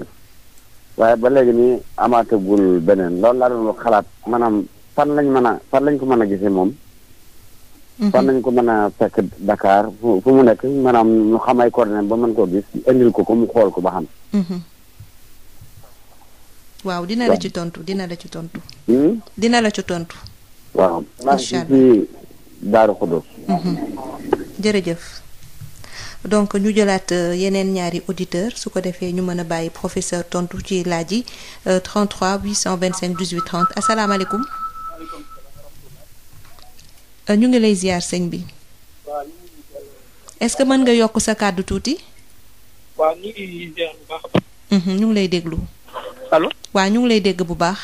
waaye ba léegi nii amaatagul beneen loolu laa doon xalaat maanaam fan lañ mën a fan lañ ko mën a gisee moom. Mm-hmm. fan lañ ko mën a fekk Dakar fu mu nekk maanaam ñu xamay coordonnées ba mën koo gis indil ko ko mu xool ko ba xam. waaw dina la ci tontu dina la ci tontu. Hmm? dina la ci tontu. waaw maa mhm. donc ñu jëlaat euh, yeneen ñaari auditeur su ko defee ñu mën a bàyyi professeur tontu ci laaj yi 33 825 18 30 asalaamaaleykum. Euh, ñu ngi lay ziar sëñ bi. est-ce que mën nga yokk sa kàddu tuuti. Mhm, ñu ngi lay déglu. allo. waa ñu ngi lay dégg bu baax.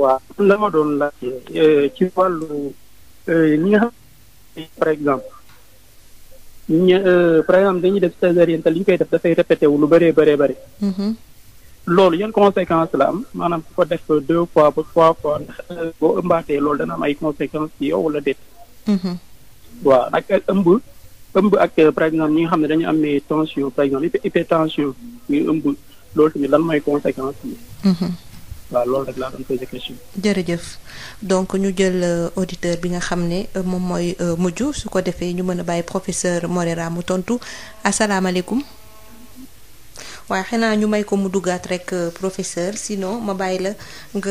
waaw la ma doon laajte euh, ci wàllu euh, ñi nga xam par exemple ñu euh, par exemple dañuy def césarienne te li ñu koy def dafay répété wu lu bëree bëree bëri. Mm-hmm. loolu yan conséquence la am maanaam ku ko def deux fois ba trois fois boo ëmbaatee loolu dana am ay conséquences ci yow wala déet. Mm-hmm. waaw ak ëmb ëmb ak par exemple ñi nga xam ne dañu amee tension par exemple hypertension ñu ëmb. loolu tamit lan mooy conséquence bi. Mhm. waaw loolu jërëjëf donc ñu jël euh, auditeur bi nga xam ne euh, moom mooy euh, mujj su ko defee ñu mën a bàyyi professeur Moreira mu tontu asalaamaaleykum. waaw xanaa ñu may ko mu duggaat rek professeur sinon ma bàyyi la nga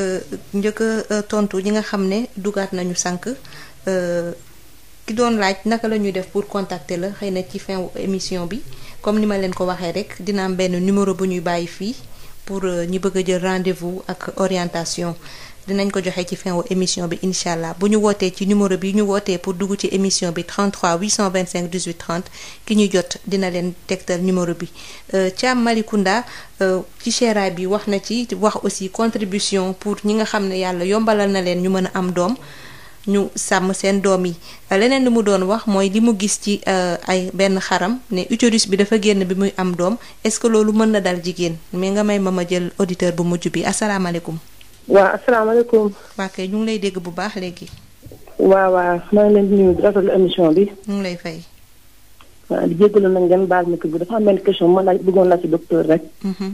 njëkk a tontu ñi nga xam ne duggaat nañu sànq ki doon laaj naka la ñuy def pour contacter la xëy na ci fin émission bi. comme ni ma leen ko waxee rek dina am benn numéro bu ñuy bàyyi fii pour euh, ñu bëgg a jël rendez-vous ak orientation dinañ ko joxe ci fin émission bi incha allah bu ñu wootee ci numéro bi ñu wootee pour dugg ci émission bi 33 825 18 30 ki ñu jot dina leen tegtal numéro bi euh, Thiam Malikounda euh, ci Chera bi wax na ci wax aussi contribution pour ñi nga xam ne yàlla yombalal na leen ñu mën a am doom. ñu sàmm seen doom yi leneen li mu doon wax mooy li mu gis ci euh, ay benn xaram ne utérus bi dafa génn bi muy am doom est-ce que loolu mën na dal jigéen mais nga may ma ma jël auditeur bu mujj bi asalaamaaleykum. waa asalaamaaleykum. waa yi ñu ngi lay dégg bu baax léegi. waaw waaw leen di nuyu di émission bi. ñu ngi lay fay. waaw di jégalu nag ngeen baal ma kii bi dafa am benn question ma laaj bëggoon laaj ci docteur rek. Mhm.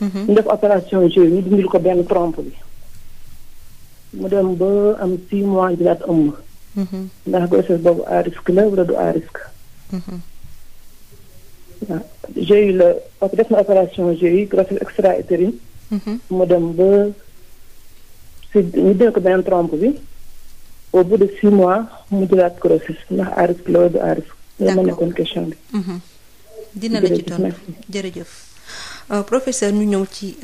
Mhm. ñu def opération ñu dindil ko benn trompe bi. mu dem ba am 6 mois bi daat ëmb. Mhm. ndax grossesse boobu à risque la wala du à risque. Mhm. waaw extra utérine. mu dem ba ñu dégg ko benn trompe bi au bout de six mois mu jëlaat grossesse ndax à risque la wala du à risque. d'accord loolu ma nekkoon question bi. dina jërëjëf. Euh, professeur ñu ñëw ci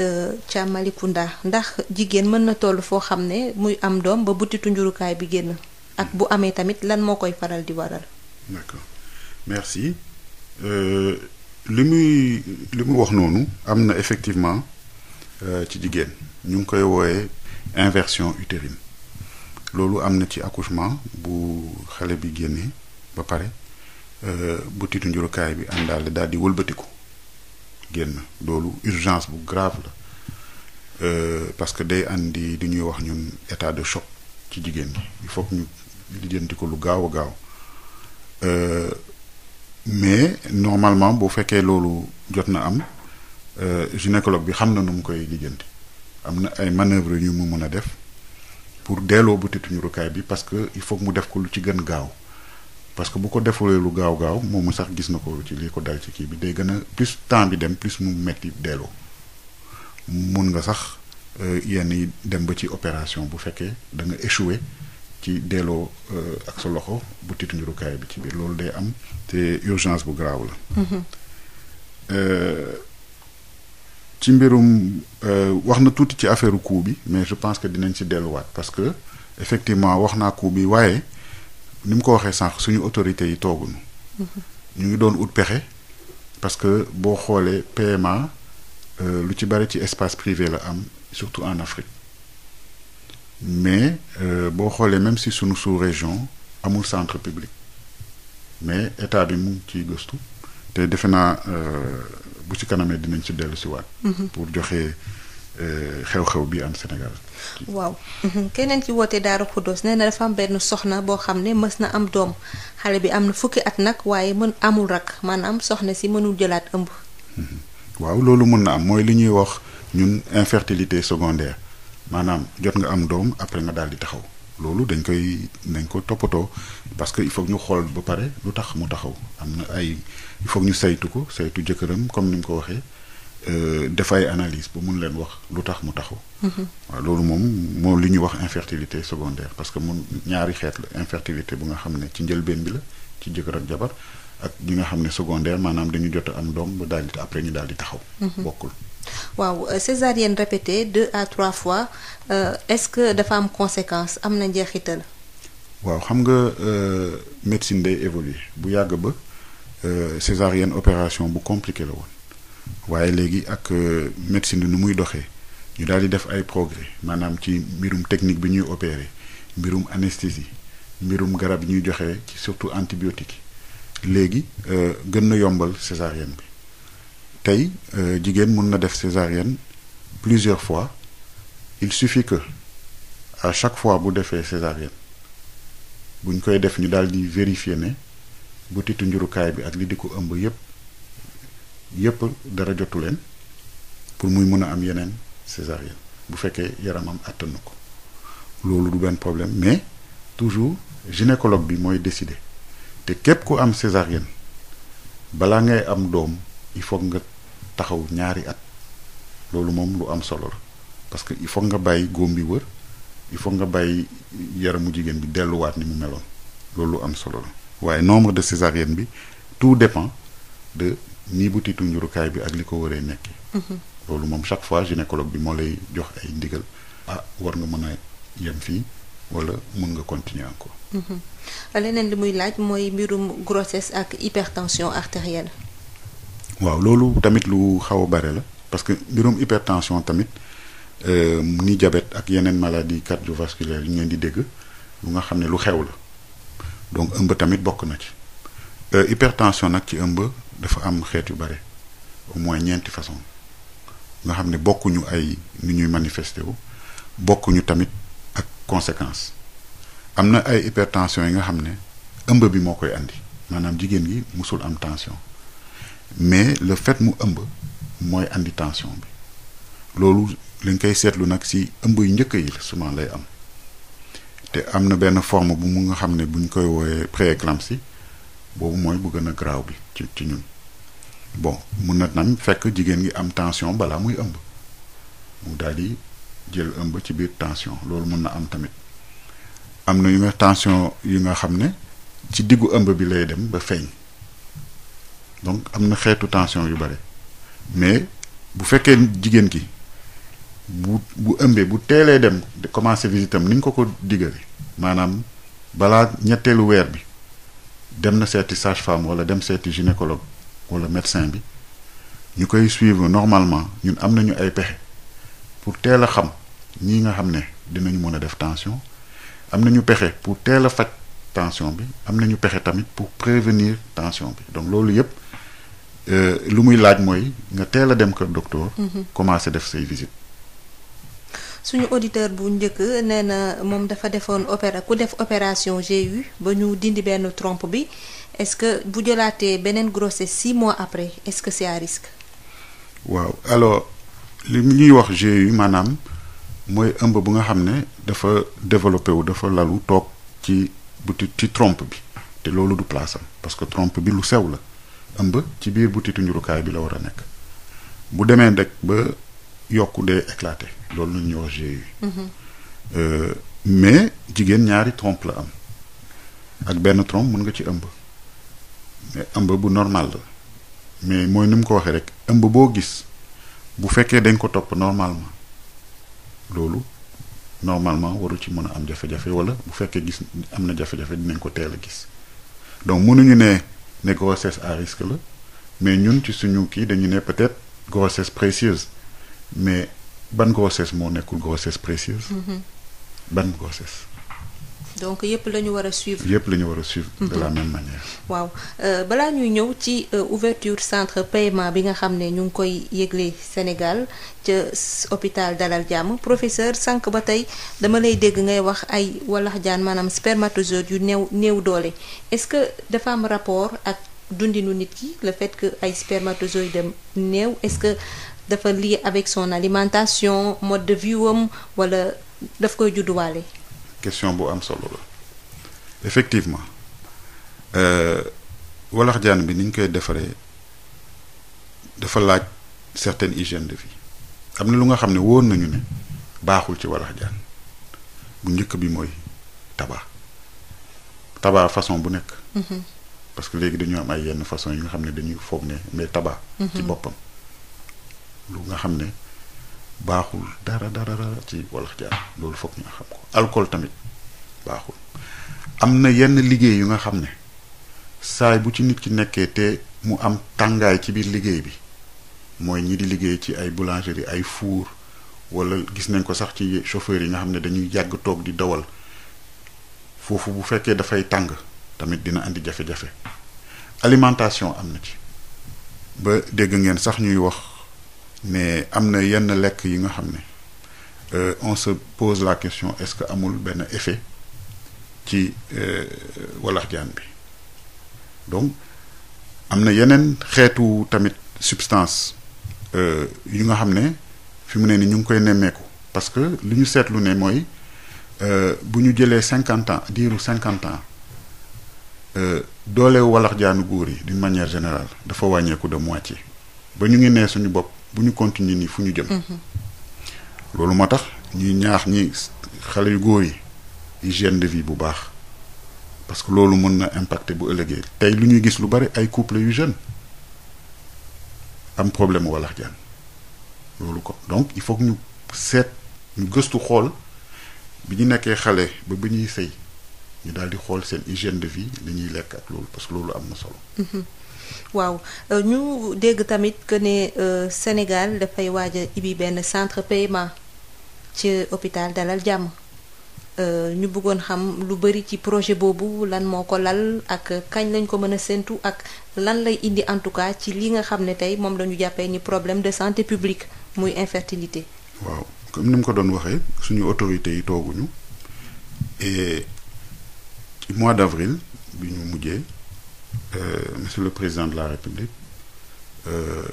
Thiam euh, Malikunda ndax jigéen mën na toll foo xam ne muy am doom ba butitu njurukaay bi génn ak bu amee tamit lan moo koy faral di waral. merci euh, li muy li mu wax noonu am na effectivement ci jigéen ñu ngi koy wooyee inversion utérine loolu am na ci accouchement bu xale bi génnee ba pare butitu njurukaay bi àndaale daal di wëlbatiku. génn loolu urgence bu grave la euh, parce que day indi du ñuy wax ñun état de choc ci jigéen ñi il faut ñu lijjanti ko lu gaaw a gaaw euh, mais normalement bu fekkee loolu jot na am euh, gynécologue bi xam na nu mu koy lijjanti am na ay manœuvres yu mu mën a def pour delloo bu tituñu rukaay bi parce que il faut mu def ko lu ci gën gaaw parce que bu ko defulee lu gaaw gaaw moom sax gis na ko ci li ko dal ci kii bi day gën a plus temps bi dem plus mu metti delloo mun nga sax euh, yenn yi dem ba ci opération bu fekkee danga nga échoué ci delloo euh, ak sa loxo bu titu njurukaay bi ci biir loolu day am te urgence bu grave la. Mm-hmm. Euh, ci mbirum wax na tuuti ci affaire coût bi mais je pense que dinañ si delluwaat parce que effectivement wax naa coût bi waaye. ni mu ko waxee sànq suñu autorité yi tooguñu. Mm-hmm. ñu ngi doon ut pexe parce que boo xoolee PMA euh, lu ci bari ci espace privé la am surtout en Afrique mais euh, boo xoolee même si suñu sous-région amul centre publique mais état bi mu ngi ciy gëstu te defe naa euh, bu ci kanamee dinañ ci dellu si waat mm-hmm. pour joxe. xew-xew bi am Sénégal. waaw mhm. keneen ci wootee Daaru Xuddoos nee na dafa benn soxna boo xam ne mës na am doom xale bi am na fukki at nag waaye mën amul rak maanaam soxna si mënul jëlaat ëmb. Mhm. waaw loolu mën na am mooy li ñuy wax ñun infertilité secondaire maanaam jot nga am doom après nga daal di taxaw loolu dañ koy nañ ko toppatoo parce que il faut ñu xool ba pare lu tax mu taxaw am na ay il faut ñu saytu ko saytu jëkkëram comme ni mu ko waxee. Euh, def ay analyse ba mun leen wax lu tax mu taxaw. Mhm. waaw loolu moom moo li ñuy wax infertilité secondaire parce que mun ñaari xeet la infertilité bu nga xam ne ci njëlbeen bi la ci jëkkër ak jabar ak ñi nga xam ne secondaire maanaam dañu jot am doom ba daal di après ñu daal di taxaw. Mhm. bokkul. waaw euh, césarienne répétée deux à trois fois euh, est-ce que dafa am conséquence am na njeexital. waaw xam nga médecine day évoluer bu yàgg ba césarienne opération bu compliqué la woon. waaye léegi ak euh, médecine bi nu muy doxee ñu daal di def ay progrès maanaam ci mbirum technique bi ñuy opérer mbirum anesthésie mbirum garab yi ñuy joxe ci surtout antibiotique léegi euh, gën na yombal césarienne bi tey euh, jigéen mun na def césarienne plusieurs fois il suffit que à chaque fois bu defee césarienne buñ koy def ñu daal di vérifier ne bu njurukaay bi ak li di ko ëmb yépp yëpp dara jotu leen pour muy mun a am yeneen césarienne bu fekkee yaramam àttanu ko loolu du benn problème mais toujours gynécologue bi mooy décider te képp ku am césarienne balaa ngay am doom il faut nga taxaw ñaari at loolu moom lu am solo la parce que il faut nga bàyyi góom bi wër il faut nga bàyyi yaramu jigéen bi delluwaat ni mu meloon loolu lu am solo la waaye nombre de césarienne bi tout dépend de ni bu njurukaay bi ak li ko waree nekk. Mhm. loolu moom chaque fois gynécologue bi moo lay jox ay ndigal ah war nga mën a yem fii wala mën nga continuer encore. Mhm. leneen li muy laaj mooy mbirum grossesse ak hypertension artérielle. waaw loolu tamit lu xaw a bare la parce que mbirum hypertension tamit euh, ni jabet ak yeneen maladie cardiovasculaire yi ngeen di dégg lu nga xam ne lu xew la donc ëmb tamit bokk na ci euh, hypertension nag ci ëmb. dafa am xeet yu bare au ñeenti façon nga xam ne bokkuñu ay ni ñuy manifester wu bokkuñu tamit ak conséquence am na ay hypertension yi nga xam ne ëmb bi moo koy indi maanaam jigéen gi mosul am tension mais le fait mu ëmb mooy indi tension bi loolu lañ koy seetlu nag si ëmb yu njëkk yi souvent lay am te am na benn forme bu mu nga xam ne buñ koy wooyee si boobu mooy bu gën a bi ci ci ñun bon mun na nag fekk jigéen gi am tension balaa muy ëmb mu daal di jël ëmb ci biir tension loolu mun na am tamit am na yu nga tension yu nga xam ne ci diggu ëmb bi lay dem ba feeñ donc am na xeetu tension yu bare mais bu fekkee jigéen gi bu bu ëmbee bu teelee dem di commencé visitam ni ñu ko ko digale maanaam balaa ñetteelu weer bi dem na seeti sage femme wala dem seeti gynécologue wala médecin bi ñu koy suivre normalement ñun am nañu ay pexe pour teel a xam ñi nga xam ne dinañu mën a def tension am nañu pexe pour teel a faj tension bi am nañu pexe tamit pour prévenir tension bi donc loolu yépp euh, lu muy laaj mooy nga teel a dem kër docteur. Mm-hmm. commencer def say visite suñu auditeur bu njëkk nee na moom dafa defoon opéra ku def opération GU ba ñu dindi benn trompe bi est-ce que bu jëlaatee beneen grossesse six mois après est-ce que c'est à risque. waaw alors li ñuy wax GU maanaam mooy ëmb bu nga xam ne dafa développé wu dafa lalu toog ci butit ci tromp bi te loolu du place am parce que trompe bi lu sew la ëmb ci biir butitu njurukaay bi la war a nekk bu demee rek ba yokku dee éclaté loolu lu ñuy wax GU. Mhm. Euh, mais jigéen ñaari tromp la am ak benn trompe mun nga ci ëmb mais ëmb bu normal la mais mooy ni ko waxee rek ëmb boo gis bu fekkee dañ ko topp normalement loolu normalement warul ci mun a am jafe-jafe wala bu fekkee gis am na jafe-jafe dinañ ko teel a gis donc mënuñu ne ne grossesse à risque la mais ñun ci suñu kii dañu ne peut-être grossesse précieuse mais ban grossesse moo nekkul grossesse précieuse. Mhm. ban grossesse. donc yëpp la ñu war a suivre. yëpp la ñu war a suivre. de la mhm. même manière. waaw euh, balaa ñuy ñëw ci euh, ouverture centre paiement bi nga xam ne ñu ngi koy yëgle Sénégal ca hôpital Dalal Jàmm professeur sànq ba tey dama lay dégg ngay wax ay walax jaan maanaam spermatozoïde yu néew néew doole est-ce que dafa am rapport ak dundi dundinu nit ki le fait que ay spermatozoïde dem néew est que. dafa lié avec son alimentation mode de vie am walla daf koy judduwaale. question bu am solo la effectivement euh, walax jaan bi niñ koy defaree dafa laaj certaine hygiène de vie am na lu nga xam ne wóor nañu ne baaxul ci walax jaan bu njëkk bi mooy tabac tabac façon bu nekk. Mm-hmm. parce que léegi dañu am ay yenn façon yi nga xam ne dañuy foog ne mais tabac. Mm-hmm. ci boppam. lu nga xam ne baaxul dara dara ci walax jaar loolu foog nga xam ko alcool tamit baaxul am na yenn liggéey yu nga xam ne saay bu ci nit ki nekkee te mu am tàngaay ci biir liggéey bi mooy ñi di liggéey ci ay boulangerie ay four wala gis nañ ko sax ci chauffeur yi nga xam ne dañuy yàgg toog di dawal foofu bu fekkee dafay tàng tamit dina indi jafe-jafe alimentation am na ci ba dégg ngeen sax ñuy wax mais am na yenn lekk yi nga xam ne euh, on se pose la question est-ce que amul benn effet ci euh, walax jaan bi donc am na yeneen xeetu tamit substance euh, yi nga xam ne fi mu ne ni ñu ngi koy nemmeeku parce que li ñu seetlu ne mooy bu ñu jëlee cinquante ans diiru cinquante ans doole walax jaanu góor yi d'une manière générale dafa wàññeeku de moitié ba ñu ngi nee suñu bopp bu ñu continuer nii fu ñu jëm. Mhm. loolu moo tax ñuy ñaax ñi xale yu góor yi hygiène de vie bu baax parce que loolu mën na impacter bu ëllëgee tey lu ñuy gis lu bari ay couple yu jeune am problème wala jaan loolu ko donc il faut ñu seet ñu gëstu xool bi ñu nekkee xale ba bi ñuy sëy ñu daal di xool seen hygiène de vie li ñuy lekk ak loolu parce loolu am na solo. Mhm. waaw euh, ñu dégg tamit que ne euh, Sénégal dafay waaj a ibi benn centre paiement ci hôpital Dalal Jàmm euh, ñu bëggoon xam lu bari ci projet boobu lan moo ko lal ak kañ lañ ko mën a séentu ak lan lay indi en tout cas ci li nga xam ne tey moom lañu ñu jàppee ni problème de santé publique muy infertilité. waaw comme ni mu ko doon waxee suñu autorités yi tooguñu et mois d'avril bi ñu mujjee. Euh, monsieur le président de la république euh,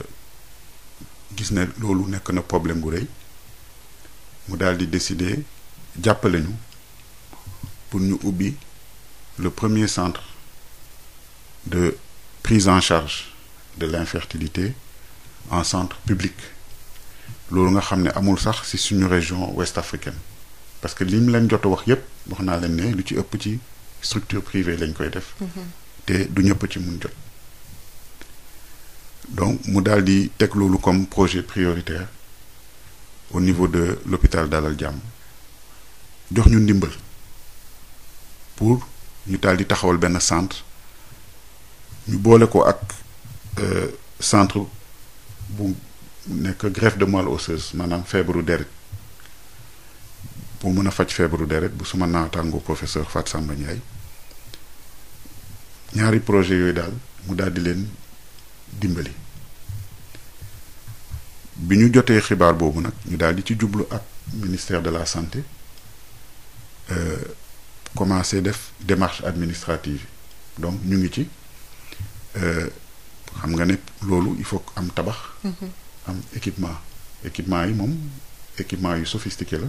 gis na loolu nekk na problème bu rëy mu daal di décider jàppale ñu pour ñu ubbi le premier centre de prise en charge de l'infertilité en centre publique loolu nga xam ne amul sax ci suñu région ouest africaine parce que li mu leen jot wax yépp wax naa leen ne lu ci ëpp ci structure privée lañ koy def mm-hmm. te du ñëpp ci mun jot donc mu daal di teg loolu comme projet prioritaire au niveau de l'hôpital Dalal Jàmm jox ñu ndimbal pour ñu daal di taxawal benn centre ñu boole ko ak euh, centre bu nekk greffe de moelle osseuse maanaam feebaru deret bu mun a faj feebaru deret bu suma naataango professeur Fatou Samba Ndiaye ñaari projet yooyu daal mu daal di leen dimbali bi ñu jotee xibaar boobu nag ñu daal di ci jublu ak ministère de la santé euh, commencé def démarche administrative donc ñu ngi ci euh, xam nga ne loolu il faut am tabax. Mm-hmm. am équipement équipement yi moom équipement yu sophistiqué la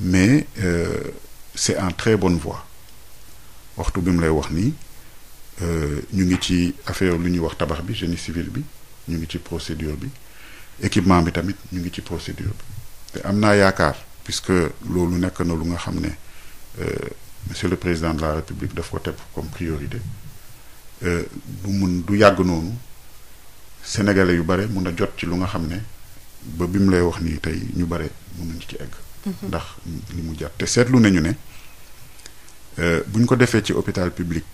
mais euh, c'est en très bonne voie waxtu bi mu lay wax nii. Euh, ñu ngi ci affaire lu ñuy wax tabax bi génie civil bi ñu ngi ci procédure bi équipement bi tamit ñu ngi ci procédure bi te am naa yaakaar puisque loolu nekk na lu nga xam ne euh, monsieur le président de la république daf ko teg comme priorité euh, du mun du yàgg noonu sénégalais yu bare mun a jot ci lu nga xam ne ba bi mu lay wax nii tey ñu bare mun nañ ci egg. Mm-hmm. ndax li mu jàpp te seetlu nañu ne bu ñu ko defee ci hôpital publique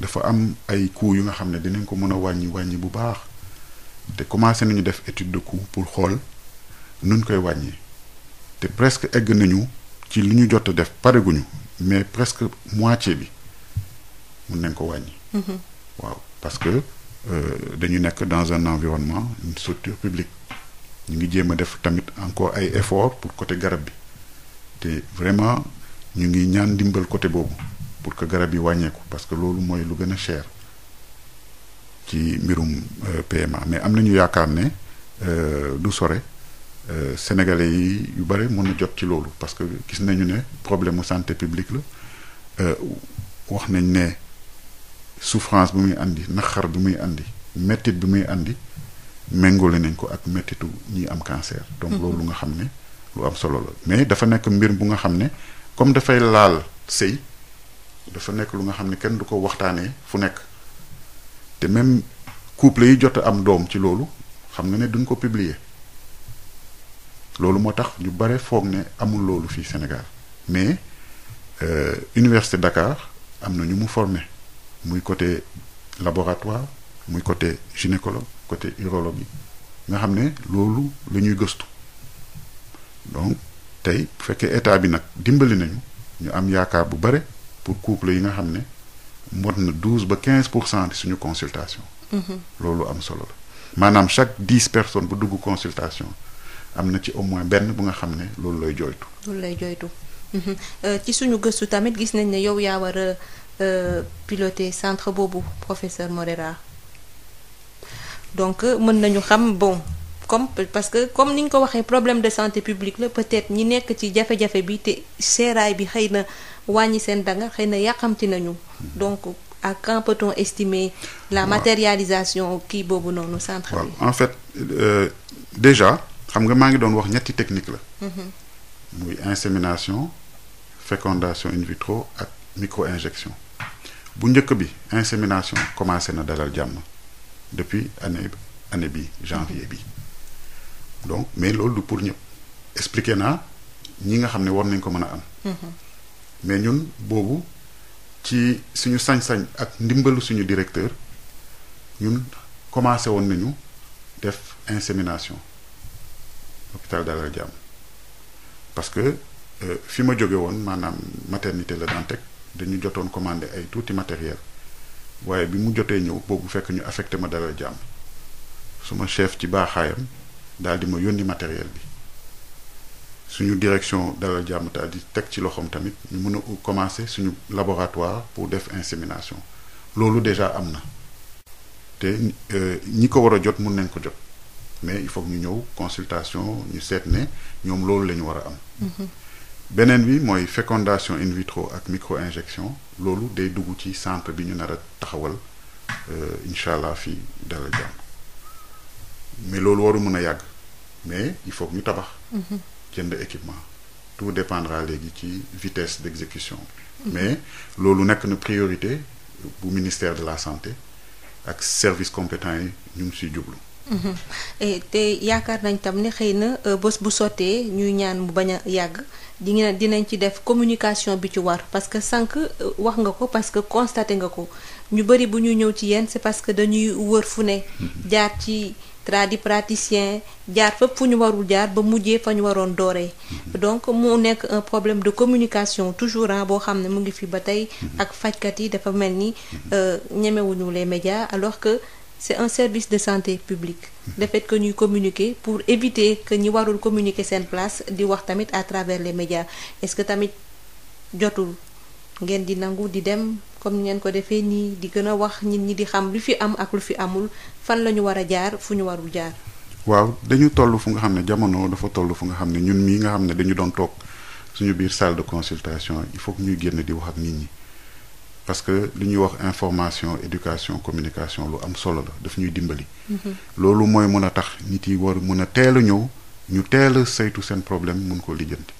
dafa am ay coûts yu nga xam ne dinañ ko mën a wàññi wàññi bu baax te commencé nañu def étude de coût pour xool nuñ koy wàññi te presque egg nañu ci li ñu jot a def pareguñu mais presque mois moitié bi mun nañ ko wàññi. Mm-hmm. waaw parce que euh, dañu nekk dans un environnement une structure publique ñu ngi jéem a def tamit encore ay effort pour côté garab bi te vraiment ñu ngi ñaan ndimbal côté boobu. pour que garab yi wàññeeku parce loolu mooy lu gën a cher ci mbirum euh, PMA mais am nañu yaakaar ne euh, du sore euh, sénégalais yi yu bare mën a jot ci loolu parce que gis nañu ne problème mu santé publique la wax nañ ne souffrance bi muy àndi naqar bi muy indi mettit bi muy indi méngole nañ ko ak mettitu ñi am cancer donc mm-hmm. loolu nga xam ne lu am solo la mais dafa nekk mbir bu nga xam ne comme dafay laal sëy dafa nekk lu nga xam ne kenn du ko waxtaanee fu nekk te même couple yi jot am doom ci loolu xam nga ne duñ ko publier loolu moo tax ñu bare foog ne amul loolu fii Sénégal mais euh, Université Dakar am na ñu mu formé muy côté laboratoire muy côté gynécologue côté urologue yi nga xam ne loolu la ñuy gëstu donc tey bu fekkee état bi nag dimbali nañu ñu am yaakaar bu bare pour couple yi nga xam ne mot na douze ba quinze pour cent ci suñu consultation. Mhm. loolu am solo la maanaam chaque dix personnes bu dugg consultation am na ci au moins benn bu nga xam ne loolu lay jooytu. loolu lay jooytu mhm. euh, ci suñu gëstu tamit gis nañ ne yow yaa war a euh, piloter centre boobu professeur Moreira donc euh, mën nañu xam bon. comme parce que comme ni ñu ko waxee problème de santé publique la peut-être ñi nekk ci jafe-jafe bi te seeraay bi xëy na wàññi seen danga xëy na yàqamti nañu donc à quand peut estimer la matérialisation kii boobu noonu centre bi en fait euh, déjà xam nga maa ngi doon wax ñetti technique la mhm. muy insémination fécondation in vitro ak micro-injection bu njëkk bi insémination commencé na dalal jàmm depuis année année bi janvier bi donc mais loolu du pour ñëpp expliqué naa ñi nga xam ne war nañ ko mën a am mhm. mais ñun boobu ci suñu sañ-sañ ak ndimbalu suñu directeur ñun commencé woon nañu def insemination hôpital Dalal Jàmm parce que euh, fi ma jóge woon maanaam maternité la teg dañu jotoon commandé ay tuuti matériel waaye bi mu jotee ñëw boobu fekk ñu affecté ma Dalal Jàmm suma chef ci baaxaayam daal di ma yónni matériel bi suñu direction Dalal Jàmm te di teg ci loxoom tamit ñu mën a commencer suñu laboratoire pour def insémination loolu déjà am na te euh, ñi ko war a jot mën nañ ko jot mais il faut ñu ñëw consultation ñu seet ne ñoom loolu la ñu war a am. Mhm. beneen bi mooy fécondation in vitro ak micro injection loolu day dugg ci centre bi ñu nara a taxawal euh, incha allah fii Dalal Jàmm mais loolu waru mën a yàgg mais il faut ñu tabax. Mhm. jënd équipement tout dépendra léegi ci vitesse d'exécution mais loolu nekk na priorité bu ministère de la santé ak service compétent yi ñu ngi siy jublu mhm. te yaakaar nañ tam ne xëy na euh, bés bu sottee ñuy ñaan mu bañ a yàgg di ngeen dinañ ci def communication bi ci war parce que sànq euh, wax nga ko parce que constaté nga ko ñu bëri bu ñuy ñëw ci yéen c'est parce que dañuy wër fu ne mhm. jaar ci tradipraticien jaar fépp fu ñu warul jaar ba mujjee fa ñu waroon dooree donc mu nekk un problème de communication toujours ah boo xam ne mu ngi fi ba tey ak fajkat yi dafa mel ni euh, ñemewuñu les médias alors que c'est un service de santé publique le fait que ñuy communiquer pour éviter que ñi warul communiquer seen place di wax tamit à travers les médias est-ce que tamit jotul ngeen di nangu di dem comme ngeen ko defee nii di gën a wax nit ñi di xam lu fi am ak lu fi amul fan la ñu war a jaar fu ñu warul jaar. waaw dañu toll fu nga xam ne jamono dafa toll fu nga xam ne ñun mii nga xam ne dañu doon toog suñu biir salle de consultation il faut ñuy génn di wax ak nit ñi parce que li ñuy wax information éducation communication lu am solo la dafa ñuy dimbali. Mm-hmm. loolu mooy mën a tax nit yi war mën a teel a ñëw ñu teel saytu seen problème mun koo lijjanti.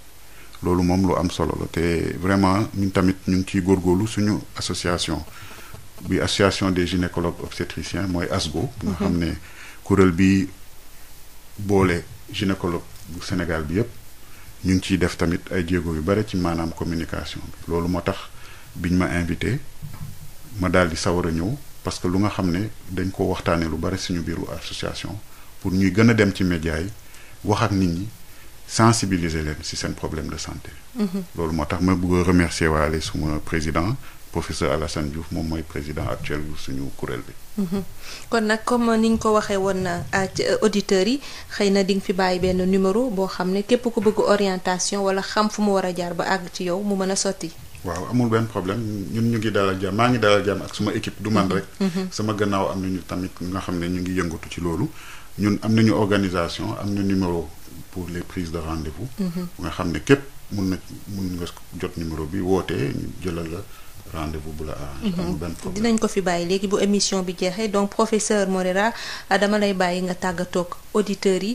loolu moom lu am solo la te vraiment ñun tamit ñu ngi ciy góorlu suñu association bi association des gynécologues obstétriciens mooy ASGO. nga mhm. xam ne kuréel bi boole gynécologue bu Sénégal bi yëpp ñu ngi ciy def tamit ay jéego yu bare ci maanaam communication bi loolu moo tax biñ ma invité ma daal di sawar a ñëw parce que lu nga xam ne dañ ko waxtaanee lu bare suñu biiru association pour ñuy gën a dem ci média yi wax ak nit ñi. sensibiliser leen ci seen problème de santé. Mhm. loolu moo tax ma bëgg a remercier waale suma euh, président professeur Alassane Diouf moom mooy président actuel bu suñu kuréel bi. Mhm. kon nag comme ni ñu ko waxee woon euh, ak euh, auditeurs yi xëy na di nga fi bàyyi benn numéro boo xam ne képp ku bëgg orientation wala xam fu mu war a jaar ba àgg ci yow mu mën a sotti. waaw amul benn problème ñun ñu ngi dalal jàmm maa ngi dalal jàmm ak suma équipe du man mhm. rek. sama gannaaw am nañu ñu ngi pour les prises de rendez-vous. Mhm. nga xam ne képp mun na mun nga jot numéro bi woote ñu jëlal la. rendez bu la arrangé. Mhm. dinañ ko fi bàyyi léegi bu émission bi jeexee donc professeur Moreira euh, dama lay bàyyi nga tàggatoog auditeurs yi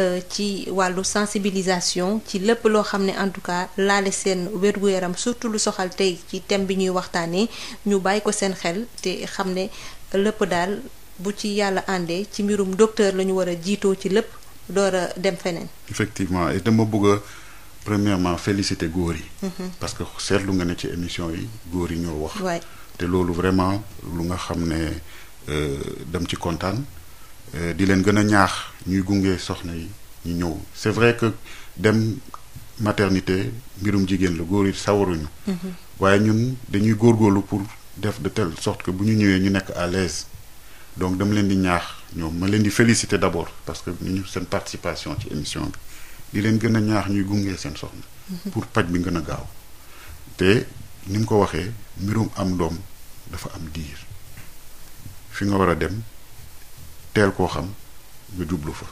euh, ci wàllu sensibilisation ci lépp loo xam ne en tout cas laale seen wér yaram surtout lu soxal tey ci thème bi ñuy waxtaanee ñu bàyyi ko seen xel te xam ne lépp daal bu ci yàlla àndee ci mbirum docteur la ñu war a jiitoo ci lépp. door a dem feneen. effectivement dama bëgg a premièrement féliciter góor yi. Mhm. parce que seetlu nga ne ci émission yi góor yi ñoo wax. waay te loolu vraiment lu nga xam ne euh, dem ci kontaan euh, di leen gën a ñaax ñuy gunge soxna yi ñu ñëw c'est vrai que dem maternité mbirum jigéen la góor yi sawaruñu. Mhm. waaye ñun dañuy góorgóorlu pour def de telle sorte que bu ñu ñëwee ñu nekk à l'aise donc dama leen di ñaax. ñoom ma leen di féliciter d'abord parce que ñu seen participation ci émission bi di leen gën a ñaax ñuy gunge seen soxna. Mhm. pour paj bi gën a gaaw. te ni mu ko waxee mbirum am doom dafa am diir fi nga war a dem teel koo xam nga jublu fa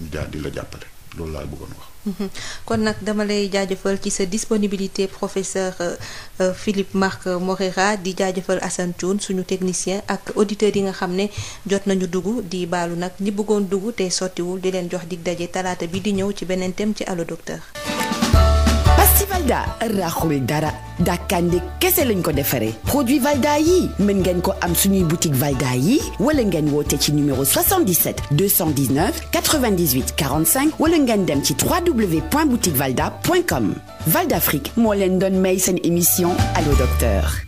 ñu jaar di la jàppale loolu laa bëggoon wax. Mhm. kon nag dama lay jaajëfal ci sa disponibilité professeur euh, euh, Philippe Marc Moreira di jaajëfal Assane suñu technicien ak auditeurs yi nga xam ne jot nañu dugg di baalu nag ñi bëggoon dugg te sottiwul di leen jox dig daje talaata bi di ñëw ci beneen thème ci allo docteur. Valda raxul dara dàkkande kese lañ ko defaree produit Valda yi mën ngeen ko am suñuy boutique Valda yi wala ngeen woote ci numéro 77 219 98 45 wala ngeen dem ci www.boutiquevalda.com Valda Afrique moo leen doon may seen émission Allo Docteur